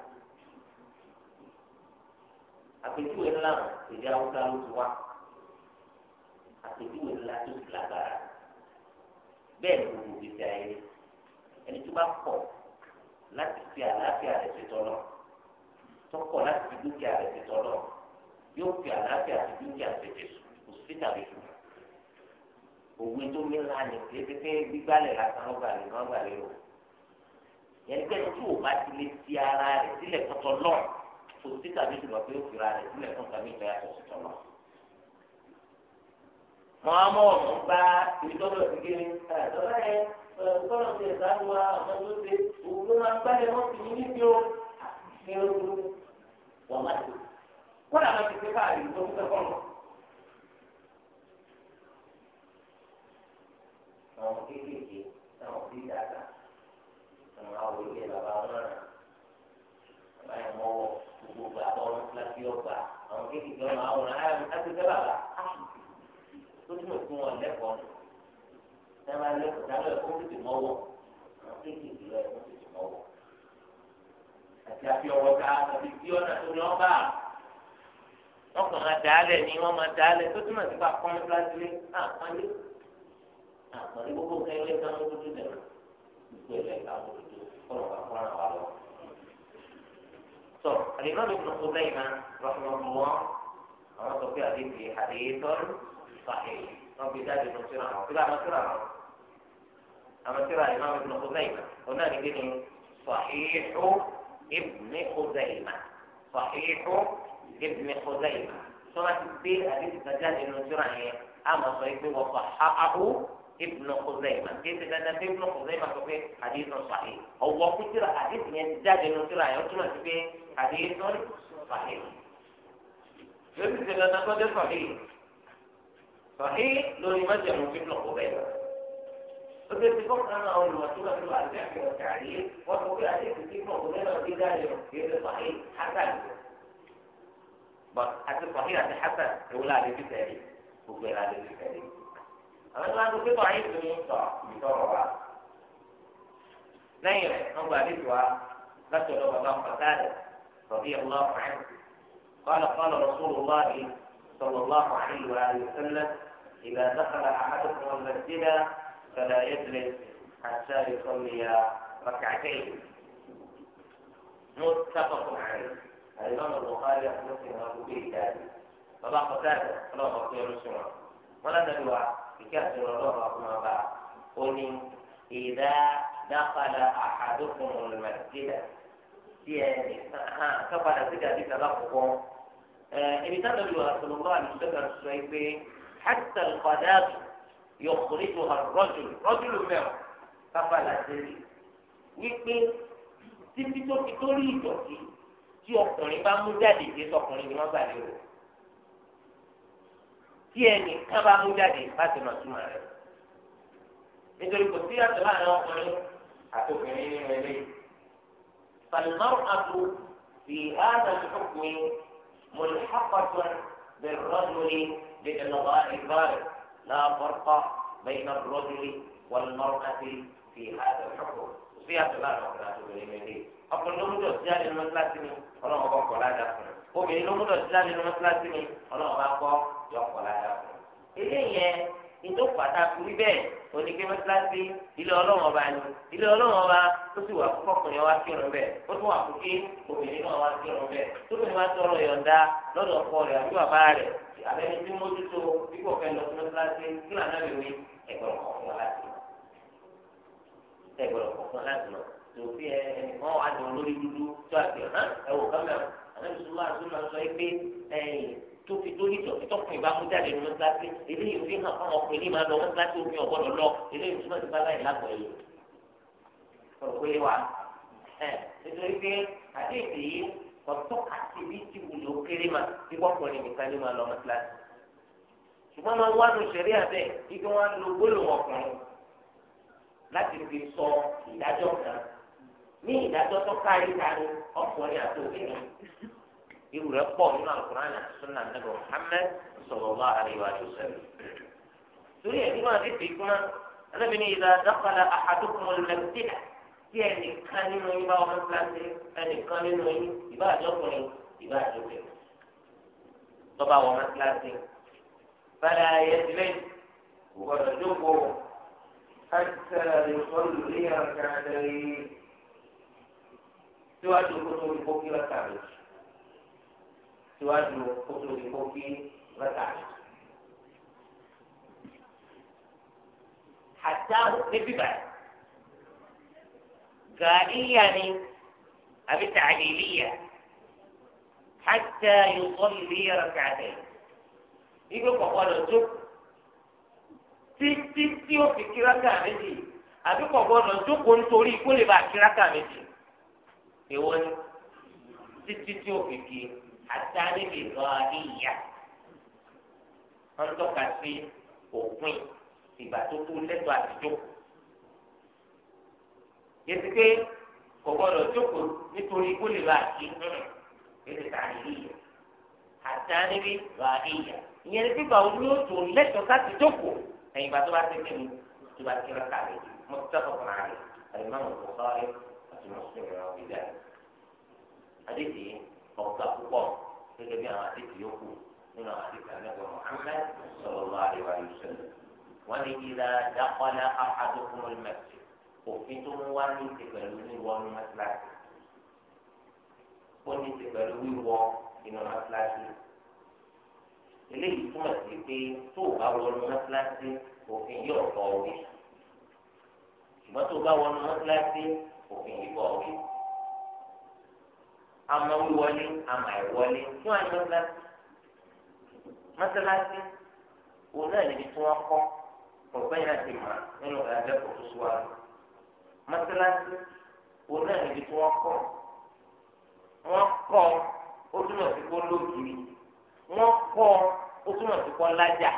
Àpèjúwe ńlá èdè Haúsá ló ti wá. Àpèjúwe ńlá tó ti lágbára. Bẹ́ẹ̀ ni gbogbo ìgbésí ayé ẹni tó bá kọ̀ láti fi àlàáfíà rẹ̀ ṣètò lọ. Tọkọ̀ láti fi dúkìá rẹ̀ ṣètò lọ. Yóò fi àlàáfíà fi dúkìá ṣètò sùn. Kò sí tàbí sùn òwe tó mìíràn àná kéde pé gbígbálẹ̀ lásán ló gbàlè má gbàlè o yẹn pé tí o bá ti lè ti ara rẹ̀ sílẹ̀ tọ́tọ́ lọ kò sí tàbí ṣùgbọ́n pé ó fira rẹ̀ sílẹ̀ fún tàbí ìtọ́ yàtọ̀ sí tọ́lọ́ wọn á mọ ọmọ gba ìtọ́jọ́ sí kiri àtọ́lá yẹn kọ́lọ̀ ti ẹ̀ka ń wa ọmọ tó ṣe òun ló máa gbálẹ̀ wọ́n fi yín níbi o ṣé o wọ́n má ti kọ́lọ̀ àwọn ti fi káàdì tó àwọn kéékèèké táwọn fi dàgbà àwọn àwọn ilé bàbá wọn rà bàbá yẹn mọ wọ gbogbo gbà bọ wọn láti ọgbà àwọn kéékèèké wọn àwọn rà áyà láti fẹ bàbá tó tún òkú wọn lẹ́kọ̀ọ́ nù sábà lẹ́kọ̀ọ́ sábà ẹ̀kọ́ tètè mọ wọ àwọn kéékèèké lọ ẹ̀kọ́ tètè mọ wọ àti àfi ọwọ́ ká àti bí ọ̀nà tó ní ọba wọn kàn máa dàálẹ̀ ni wọn máa dàálẹ̀ tó túmọ̀ sí pa kọ́ńtà sílé àpọ́nlé àpọ̀lẹ́ gbogbo nǹkan ilé ìka ló dúdú dẹ̀ gbogbo ilé ìka ló dúdú kọ́nà wà fún àwọn àlọ́. sọ àdìgbà mi kò kúta ìmá rọ́pọ̀lọpọ̀ àwọn sọ pé àdébìyẹ àdéhìí tọ́lú fàáyé wọn fi jáde lọ síra wọn síra wọn síra wọn àwọn síra ìmá mi kò kúta ìmá wọn náà ní fàáyéhó ibùdó kúta ìmá fàáyéhó ibùdó kúta ìmá sọ ma ti gbé àdébìyẹ jáde lọ síra yẹn ابن خزيمة كيف لأن ابن خزيمة في حديث صحيح هو كتير حديث يزداد إنه ترى يتم في حديث صحيح فهمت لأن هذا صحيح صحيح لو يمجع في ابن خزيمة فبالتفق أنا أو المسؤول في في والتعليل وفي حديث ابن خزيمة في ذلك غير صحيح حسن بس حتى صحيح حتى حسن ولا في تاريخ وغير هذا في تاريخ àwọn tó bá tó pé báyìí tó ń sọ ìtọrọ wa lẹ́yìn rẹ̀ wọ́n gba àdéhùn wa láti ọ̀dọ̀ bàbá fàtàdé rọ̀bí ọlọ́ọ̀ fàáyì قال قال رسول الله صلى الله عليه وآله وسلم إذا دخل أحدكم المسجد فلا يجلس حتى يصلي ركعتين متفق عليه الإمام البخاري ومسلم وأبو بكر فبقى ثالث فلا بقي رسولا ولا دلوا ìkẹ́ àti ọlọ́run ọkùnrin ọba ó ní ìdá dápadà àhàdókùn olùmọ̀sílẹ̀ tí ẹ hàn kápadà sí dàbí sábà kọ̀kọ́. ibi táwọn olùwà sọlọ́gbọ́n àdìsọ́gbà sọ yìí pé hàtà kọ̀dáàbì yọkùnrin rọ́jùl rọ́jùl mẹ́wọ̀ kápadà sí rí wípé títí tó fi tó rí ìdọ̀tí tí ọkùnrin bá mú jáde ìdí sọkùnrin ni wọ́n gbà lérò tí ẹnì kan bá mú jáde láti lọ túmọ̀ rẹ̀. nítorí kò sí àtọ̀ láàrin ọkùnrin àti obìnrin nínú ilé. falmar abu fi hada lukumi mulhaqatun birrajuli bidalaba ibari la farqa bayna rajuli walmar'ati fi hada lukumi. kò sí àtọ̀ láàrin ọkùnrin àti obìnrin nínú ilé. ọkùnrin ló ń jọ sí àdéhùn láti ní ọlọ́run ọkọ̀ ládàá fún un obìnrin ló gbọ́dọ̀ sílá nínú mọ́sálásí mi ọlọ́run bá gbọ́ yọkọ̀ lára eléyẹn ìtò pàtàkì wí bẹ́ẹ̀ onígbé mọ́sálásí ilé ọlọ́run ọba ni ilé ọlọ́run ọba ó sì wà fún ọkùnrin wa kírun bẹ́ẹ̀ ó tún wà fún kí obìnrin náà wá kírun bẹ́ẹ̀ tó bí wọ́n tọrọ yọ̀ǹda lọ́dọ̀ ọkọ rẹ̀ àbí bàbá rẹ̀ àbẹ́ni tí mójútó bí kò fẹ́ lọ sí mọ́sálásí kí làná lè wí ẹgbẹ̀rún kọ̀ọ̀kan láti lọ ẹgbẹ̀rún kọ̀ọ̀kan láti lọ tòun fi ẹnìkan wà ní olórí dúdú tó àti ẹ̀ ẹnìtúmọ̀ àtúmọ̀ sọ pé ẹ̀yìn tó fi tó yíjọ tó kùn ìbá mú jáde ní mọ́sálásí eléyìí fi hàn fún ọkùnrin ní máa lọ mọ́sálásí omi ọ̀gbọ́dọ̀ lọ eléyìí túmọ̀ sí bàbá yìí lágbọ̀ yìí. ọ̀rọ̀ pé wa ẹ̀ nítorí pé àdéhùn yìí ọ̀tọ́ àti bí ti wùlò kéré mà bí wọ́pọ̀rin nìkan ní máa lọ mọ́sálásí. ṣùgbọ́n máa wá nu ṣẹ̀rí àbẹ́ ike wọn lo gbólóhùn ọkùnrin láti fi sọ ìdájọ́ kan ní ìdájọ́ tó kárí kárí ọkùnrin àti obìnrin irú rẹ̀ pọ̀ nínú àkùnrin àti sunnah Nabi Muhammad sallallahu alaihi wa sallam. torí ẹ̀ nígbà tí nínú àdéhùn ìkúmá ní ìlà dákàlà ahadukum al-masjida tí ẹnìkan nínú yín bá wọn kíláàsì ẹnìkan nínú yín ìbá àjọkùnrin ìbá àjọkùnrin tọ́ba wọn kíláàsì fẹ́lẹ́ ayé tilẹ̀ gbọ́dọ̀ jókòó síwájú kótó ní kókí lọ́tà méjì síwájú kótó ní kókí lọ́tà méjì. Àtá níbí báyìí, gàdíyà ni àbí tàlílíyà, hàtà yusalli rak'atayn. Igbó kọ̀kọ́ lọ tó títí tí ó fi kíráka méjì àbí kọ̀kọ́ lọ tó kó nítorí kó lè bá kíráka méjì èwo ni títí tí òfin kì í àtàlẹ́ lè lọ àríyá wọ́n ń tọ́ka sí òpin ìgbà tó kú lẹ́tọ̀ọ́ àtijọ́ yẹtí pé kò gbọdọ̀ jókòó nítorí kó lè bá a kí ẹ̀ẹ́dẹ̀ tààrí yíyẹ àtàlẹ́ lè lọ àríyá ìyẹn ní pípa olóòtú lẹ́tọ̀ọ́ láti jókòó ẹ̀yìn ìgbà tó bá ti kí ni tó bá ti rẹ̀ kàlẹ́ mọ́tò tó kọ̀ náà rẹ̀ ẹ̀yìn máa ń wọ̀ sọ́ọ́ rẹ̀ àti mùsùlùmí wọn fi dáa àdéhìí ọ̀gá púpọ̀ gẹ́gẹ́ bí àwọn àdéhìí yòókù nínú àwọn àdéhìí àgbẹ̀wò Muhammad sallallahu alaihi wasallam wọn ni ìlà dákọ́lá ahadukum al-masjid òfin tó ń wá ní ti pẹ̀lú wíwọ ní mọ́sálásí ó ní ti pẹ̀lú wíwọ inú mọ́sálásí eléyìí túmọ̀ sí pé tó o bá wọnú mọ́sálásí òfin yóò tọ́ ọ òfin yìí bọ̀ wí. àmọ́ wíwọlé àmọ́ àìwọlé tí wọ́n á yọ mọ́sálásí. mọ́sálásí òun náà níbi tí wọ́n kọ́ ọ̀gbẹ́yìn àti mà nínú ẹ̀ẹ́dẹ́kọ̀ tó síwájú. mọ́sálásí òun náà níbi tí wọ́n kọ́ wọ́n kọ́ ó túmọ̀ sí kó lóògiri wọ́n kọ́ ó túmọ̀ sí kó lájà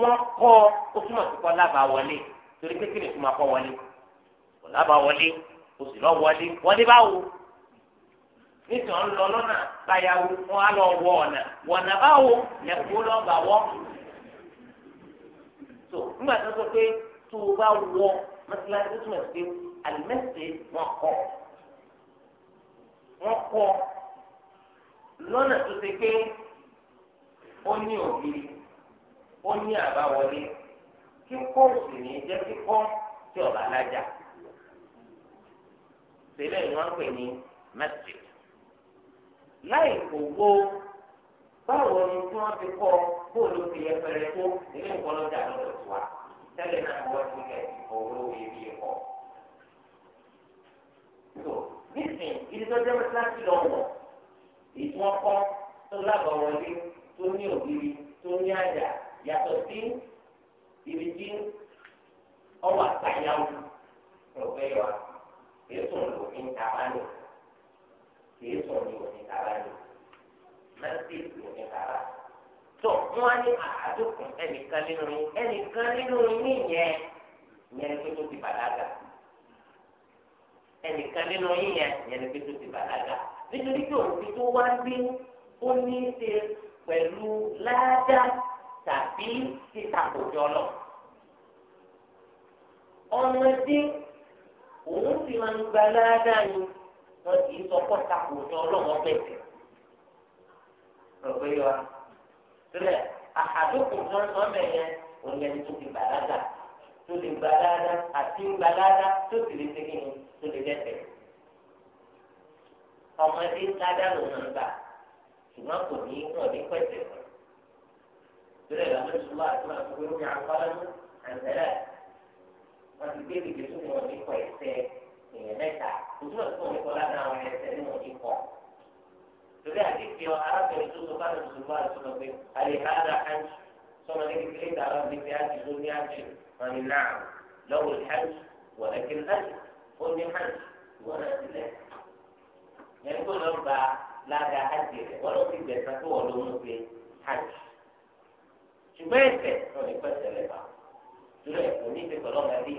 wọ́n kọ́ ó túmọ̀ sí kó lábàá wọlé torí kékeré tó máa kọ́ wọlé kò lábàá wọlé o sì lọ wọlé wọlé báwo nítorí wọn lọ lọ́nà báyàwó wọn á lọ wọ ọ̀nà wọ̀nà báwo lẹ́kọ̀ọ́ lọ́ba wọ́. tó nígbà tó sọ pé tó o bá wọ mọ́tíláṣí tó túmọ̀ sí àlùmẹ́sẹ̀ wọn kọ́ wọn kọ́ lọ́nà tó ṣe pé ó ní ògiri ó ní àbáwọlé kíkọ́ sì ní jẹ́ kíkọ́ tí ọ̀bà alájà. sílẹ̀ ni wọ́n ń pè ní masjid láì gbogbo báwo ni tí wọ́n ti kọ́ bóòlù ti yẹ fẹ́rẹ́ tó ilé ìkọlọ́jà lọ́dọ̀ tó wa tẹ́lẹ̀ náà wọ́n ti kẹ́ ọ̀rọ̀ ebi ẹ̀kọ́. tó nísìnyí ibi tó jẹ́ mẹ́tíláṣí lọ wọ̀ èyí tó lábọ̀ tó ní ògiri tó ní àjà yàtọ̀ sí ibi tí ọwọ́ àtàyàwó rẹ̀ fẹ́ kìí sùn òfin tabalò kìí sùn ní òfin tabalò mẹsìlì òfin taba tó wọn ní àádókùn ẹnìkan nínú yín ẹnìkan nínú yín yẹn yẹn ní tó ti bàlágà ẹnìkan nínú yín yẹn yẹn ní tó ti bàlágà nítorí pé òfin tó wá gbé ó ní í ṣe pẹ̀lú ládàá tàbí títàkùjọ lọ ọmọdé. òun si máa ń gba ládàá ni wọn kì í sọ pọ̀ takò ní ọlọ́wọ́ bẹ̀rẹ̀ rọ̀gbẹ́ yọ wa sílẹ̀ àdókò tí wọ́n sọ mẹ́yẹ òun tó ti bàlágà tó lè bàlágà àti bàlágà tó sì lè segin ní tó lè dẹ́tẹ̀ ọmọdé ládàá ló ń gbà ṣùgbọ́n kò ní ní pẹ̀tẹ̀ sílẹ̀ wọ́n ti gbé ìdíje tó wọ́n ti kọ ẹsẹ̀ èèyàn mẹ́ta òtún ọ̀sẹ̀ tó wọ́n kọ́ lára àwọn ẹsẹ̀ ní wọ́n ti kọ́. lórí àdìsí ọ arábìnrin tó sọ fáwọn mùsùlùmí àti sọ̀rọ̀ pé àlè hàdà hajj sọmọ ní kékeré ìtàlọ́ ní fi hajj ló ní hajj wọn ni náà lọ́wọ́ hajj wọ̀n ẹ̀kẹ́ hajj ó ní hajj wọ́n ti lẹ̀. yẹn tó lọ gba lága hajj rẹ̀ wọ́n lọ sí gbẹ̀sán tó wọ́n ló ń gbé hajj. ṣùgbọ́n ẹ̀sẹ̀ náà ní pẹ̀sẹ̀ lẹ́bàá torí ẹ̀ kò ní í ṣe pẹ̀lú ọmọdé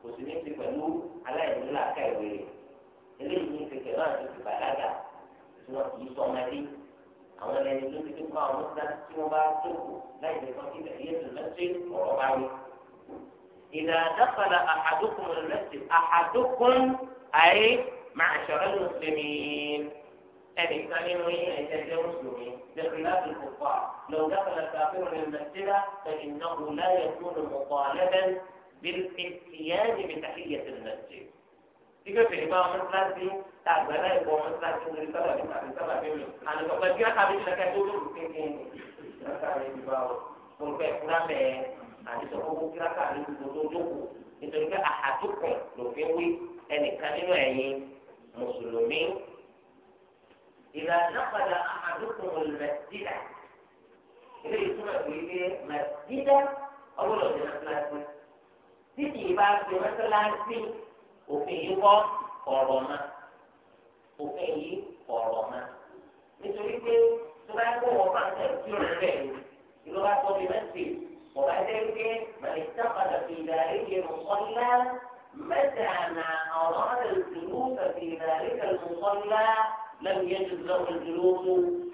kò sì ní í ṣe pẹ̀lú aláìní làákà ìwé rẹ̀ eléyìí ní í ṣe pẹ̀lú àti ti bàlágà tí wọ́n kì í sọ ọmọdé àwọn ẹni tó ti fi kọ́ àwọn mọ́tà tí wọ́n bá tókù láì lè kọ́ síbẹ̀ yé tó lọ́sẹ̀ ọ̀rọ̀ bá wí. إذا دخل أحدكم المسجد أحدكم أي معشر المسلمين أبي كانوا يتجاوز مسلمين بخلاف الكفار لو دخل الكافر المسجد فإنه لا يكون مطالبا بالاتيان بتحية المسجد Jika sehingga mesra si tak berai bawa mesra si dari sana di sana di sana dulu. Anu kau bagi apa di sana dulu ini. Sana di bawah. Sampai kurang deh. Anu tu aku kira kali itu tujuh. Itu juga ahaduknya. Lupa wih. Ini kan ini muslimin إذا نقل أحدكم المسجدة، إذا يسمى بيه مسجدة أو لو جنسنا اسمه سيتي باك مثلا سي وفيه قوم قوم وفيه قوم مثل إذا سمع قوم وفاق تأثير البيه إذا باك قوم مسجد وبعد ذلك من اتقل في داره مصلى ما أراد الجلوس في ذلك المصلى لم يجد له الجلوس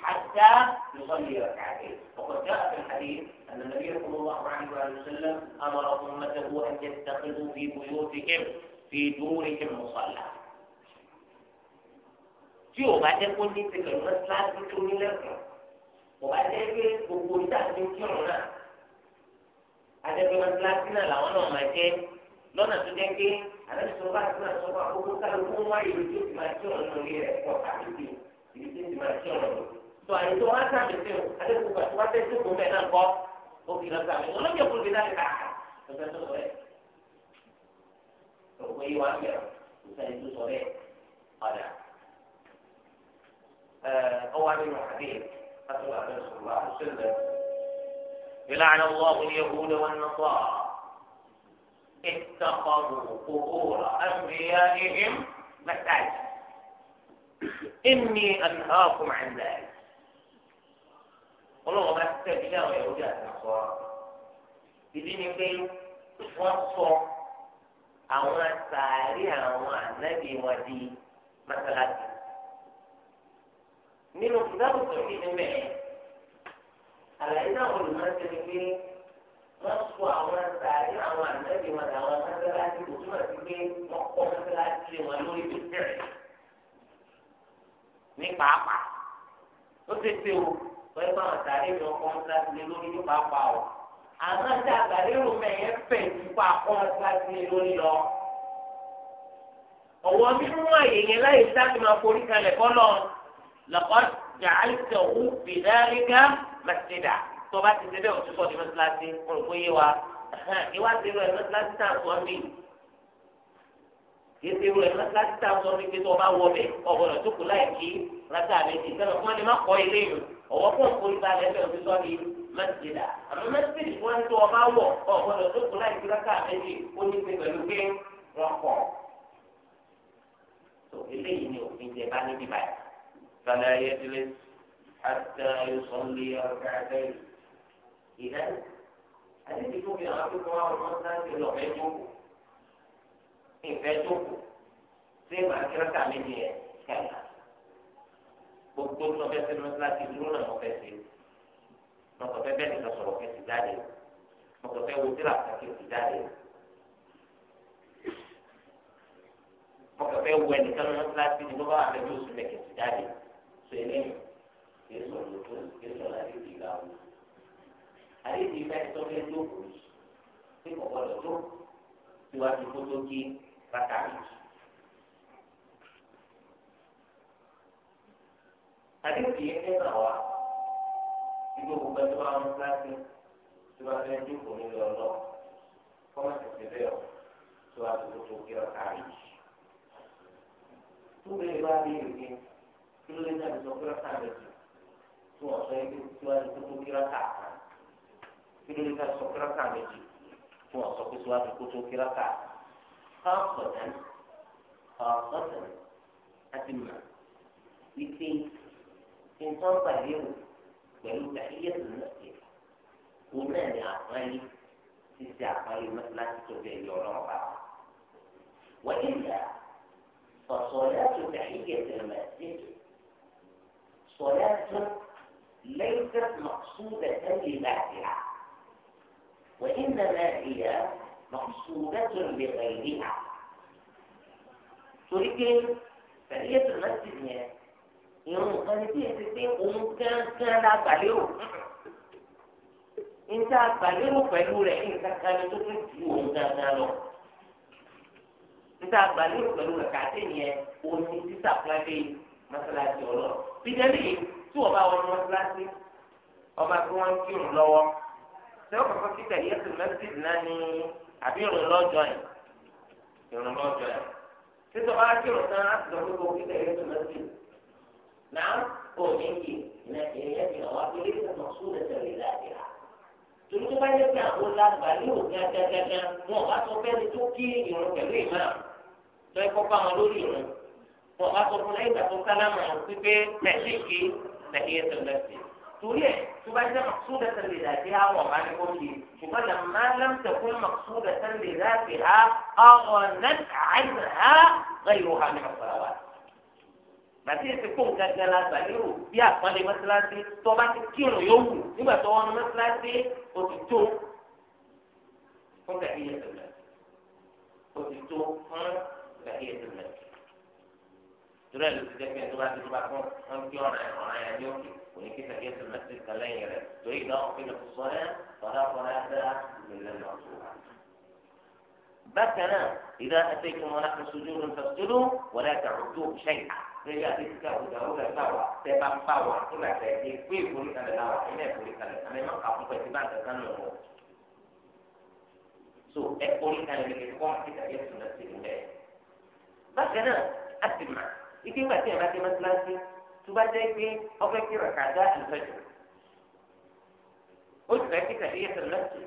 حتى يصلي ركعتين وقد جاء في الحديث أن النبي صلى الله عليه وسلم أمر أمته أن يتخذوا في بيوتهم في دورهم مصلى tí o bá jẹ́ kó ní ti pẹ̀lú mọ́sálásí tó ní lẹ́kọ̀ọ́ o ba لي تكلم ni لا تكلمني mosalasi to ni lekoo pé gbogbo ìdájọ́ kírun náà adẹ́gbẹ́ mọ́sálásí náà làwọn náà máa jẹ́ lọ́nà tó jẹ́ pé Anak surah pernah surah bukan semua itu macam ni repot hati. Itu macam So itu asal betul. Ada bukan suatu itu bukan nak kau. Oh kita kami. Kalau dia pun kita kita. Kita tu sore. So kau iwan dia. Kita itu sore. Ada. Awal ini hadis. Rasulullah Sallallahu Alaihi Wasallam. يلعن الله اليهود والنصارى اتخذوا قبور أنبيائهم مساجد إني أنهاكم عن ذلك ọlọ́wọ́ bá tẹ̀ ní àwọn ẹ̀rọ̀dì àtàkọ́ ìdí ni pé wọ́n sọ àwọn sàárì àwọn ànábì wọn di mọ́sálásí. nínú ìdáàbòbò yìí ni mẹ́ẹ̀ àlàyé náà olùmọ̀ọ́sẹ̀ ni pé wọ́n sọ àwọn sàárì àwọn ànábì wọn àwọn mọ́sálásí kò túmọ̀ sí pé wọ́n kọ́ mọ́sálásí wọn lórí bẹ́tẹ̀rẹ̀ ní pàápàá ó ti ṣe o wọ́n yẹ fáwọn sàárì wọn kọ́ mọ́sálásí lórí ní pàápàá o àwọn tí àgbàlérò mẹ́yẹ fẹ̀ nípa kọ́ mọ́sálásí lórí lọ. ọ̀wọ́ mímú àyè yẹn láyé sáàtì máa forí kalẹ̀ kọ́ lọ lọ́kọ́ tọba ti ṣe bẹ́ẹ̀ o ti sọ ní mẹ́tíláṣí mo rò pé yé wa ìwádìí rẹ̀ mẹ́tíláṣí tá a sọ mí yéésì rẹ̀ mẹ́tíláṣí tá a sọ mí pé tọba wọ bẹ́ẹ̀ ọ̀gbọ̀nà tó kù láì kí rákà méjì sẹ́nu fún ẹni má kọ́ ilé yìí ọ̀wọ́ fún òkú ìta rẹ̀ bẹ́ẹ̀ o ti sọ ní mẹ́tíláṣí àmọ́ mẹ́tíláṣí fún ẹni tó ọba wọ ọ̀gbọ̀nà tó láì kí rákà méjì ó ní pẹ̀lú pé wọ́n kọ̀ حتى يصلي ركعتين إذا هذه تكون في أغلب القرآن والمسلسل في اللغة جوكو إنفاق جوكو سيما أكرا كاملية كلا gbogbo ní ọbẹ̀ sẹ́nu mẹ́tíláṣí dúró náà ọbẹ̀ sí mọ̀tò fẹ́ bẹ́ẹ̀ nìkan sọ̀rọ̀ fẹ́ ti jáde mọ̀tò fẹ́ wo tíra kan kí o ti jáde mọ̀tò fẹ́ wo ẹnìkan ní mẹ́tíláṣí ní bọ́bá àbẹ̀bí oṣù mẹ́kẹ̀ ti jáde sọ eléyìí kí kí èso làdí ìgbà àyèké bẹ́ẹ̀ tó fẹ́ jókòó tí kò gbọdọ̀ tó síwájú kó tó kí rákàrí. àdéhùn yìí ń ràn wá ibi òkúta tó máa ń kíláàsì tó bá fẹ́ jókòó nílé ọlọ́ kọ́mọ̀ tètè bẹ́ẹ̀ ọ̀ síwájú kó tó kí rákàrí. tó bẹ́ẹ̀ bá rí èrè kí ló lè jáde sọ pé rákàrí wọ́n sọ ibi síwájú kó tó kí rákàrí. kí ló lè fẹ́ sọ kíráka méjì fún ọ̀sọ́ pé síwájú kó tó kíráka kọ́ọ̀sọ̀tàn kọ́ọ̀sọ̀tàn láti mọ̀ wípé nǹkan gbàlérò pẹ̀lú tàyíyẹ̀ tó ń lọ́sẹ̀ òun náà ni àpáyé ṣíṣe àpáyé láti tó bẹ̀ yọ ọ̀rọ̀ ọ̀bá wọ́n yẹ̀ tó dà فصلاة تحية المسجد صلاة ليست مقصودة لذاتها وإنما هي مقصودة لغيرها تريد تربية المسجد هنا يوم كانت تسيب وممكن كان أقليه إنت أقليه فلولا إنت كانت تسيب وممكن كان له إنت أقليه فلولا كاتين يا ومن تسأقلي مثلا تقول بدليل تو أبا ومثلا أبا كون كيون لوه ṣé ó kọ́kọ́ kí tẹ̀lé ẹ̀sìn mẹ́sìd náà ni àbí ìrùn lọ́jọ́ yìí ìrùn lọ́jọ́ yìí títọ́ bá kírun tán á ti dọ̀kọ́ kí tẹ̀lé ẹ̀sìn mẹ́sìd náà ó ní kí ìyẹn ti hàn wá pé ilé ìtàn sóòlù tẹ̀lé láàbíà torí tó bá yẹ kí àwọn lágbà ní òkè agágágá wọn bá sọ fẹ́ni tó kí ìrùn pẹ̀lú ìmọ̀ tó ẹ̀kọ́ bá wọn lórí ìrùn wọn bá sọ fún lẹ́yìn tó sálámà pípé tẹ̀lé kí tẹ̀lé ẹ̀sìn mẹ́sìd توري تبقى مقصودة لذاتها وغير قولي تبقى لما لم تكن مقصودة لذاتها أغنت عنها غيرها من الصلوات ما في سكون كجلا بعيرو يا فلي مثلاتي توبا تكير يوم لما توان مثلاتي وتتو فكهية الملك وتتو فكهية الملك torí ẹ̀ ló ti dẹ́gbẹ́ tó bá ti rúbà fún wọn kí ọ̀ràn ẹ̀ ọ̀ràn ẹ̀ ní òkè kò ní kí sàkíyè tó lọ́sí kàlẹ́yìn rẹ̀ torí ìdá òfin lọ sọ ẹ́ fọdá fọdá dáa ìlẹ̀ lọ sọ wa. bákan náà ìdá ẹsẹ̀ kí wọn láti sojú ló ń sọ sojú wọn lè dàrú tó ṣẹ́yìn lórí àti kíkà òjà ó gbàgbà wà tẹ bá ń bá wà nígbà tẹ ẹ pé ìforí kalẹ̀ la wà ilé ìforí kalẹ̀ àmì má kà fún pẹ̀ tí bá ń tẹ̀sán nù wọ̀. so ẹ forí kalẹ̀ lè kọ́ àti kàyé sùn lọ́sí ìlú bẹ́ẹ̀. bákan náà á ti mà ike ńgbà tí ẹ̀ bá dé mọ́sálásí tó bá jẹ́ pé ọfẹ́ kí rẹ̀ kàdá ìfẹ́jọ. ó sì fẹ́ kí tẹ̀lé yẹ tẹ̀lé lẹ́sìn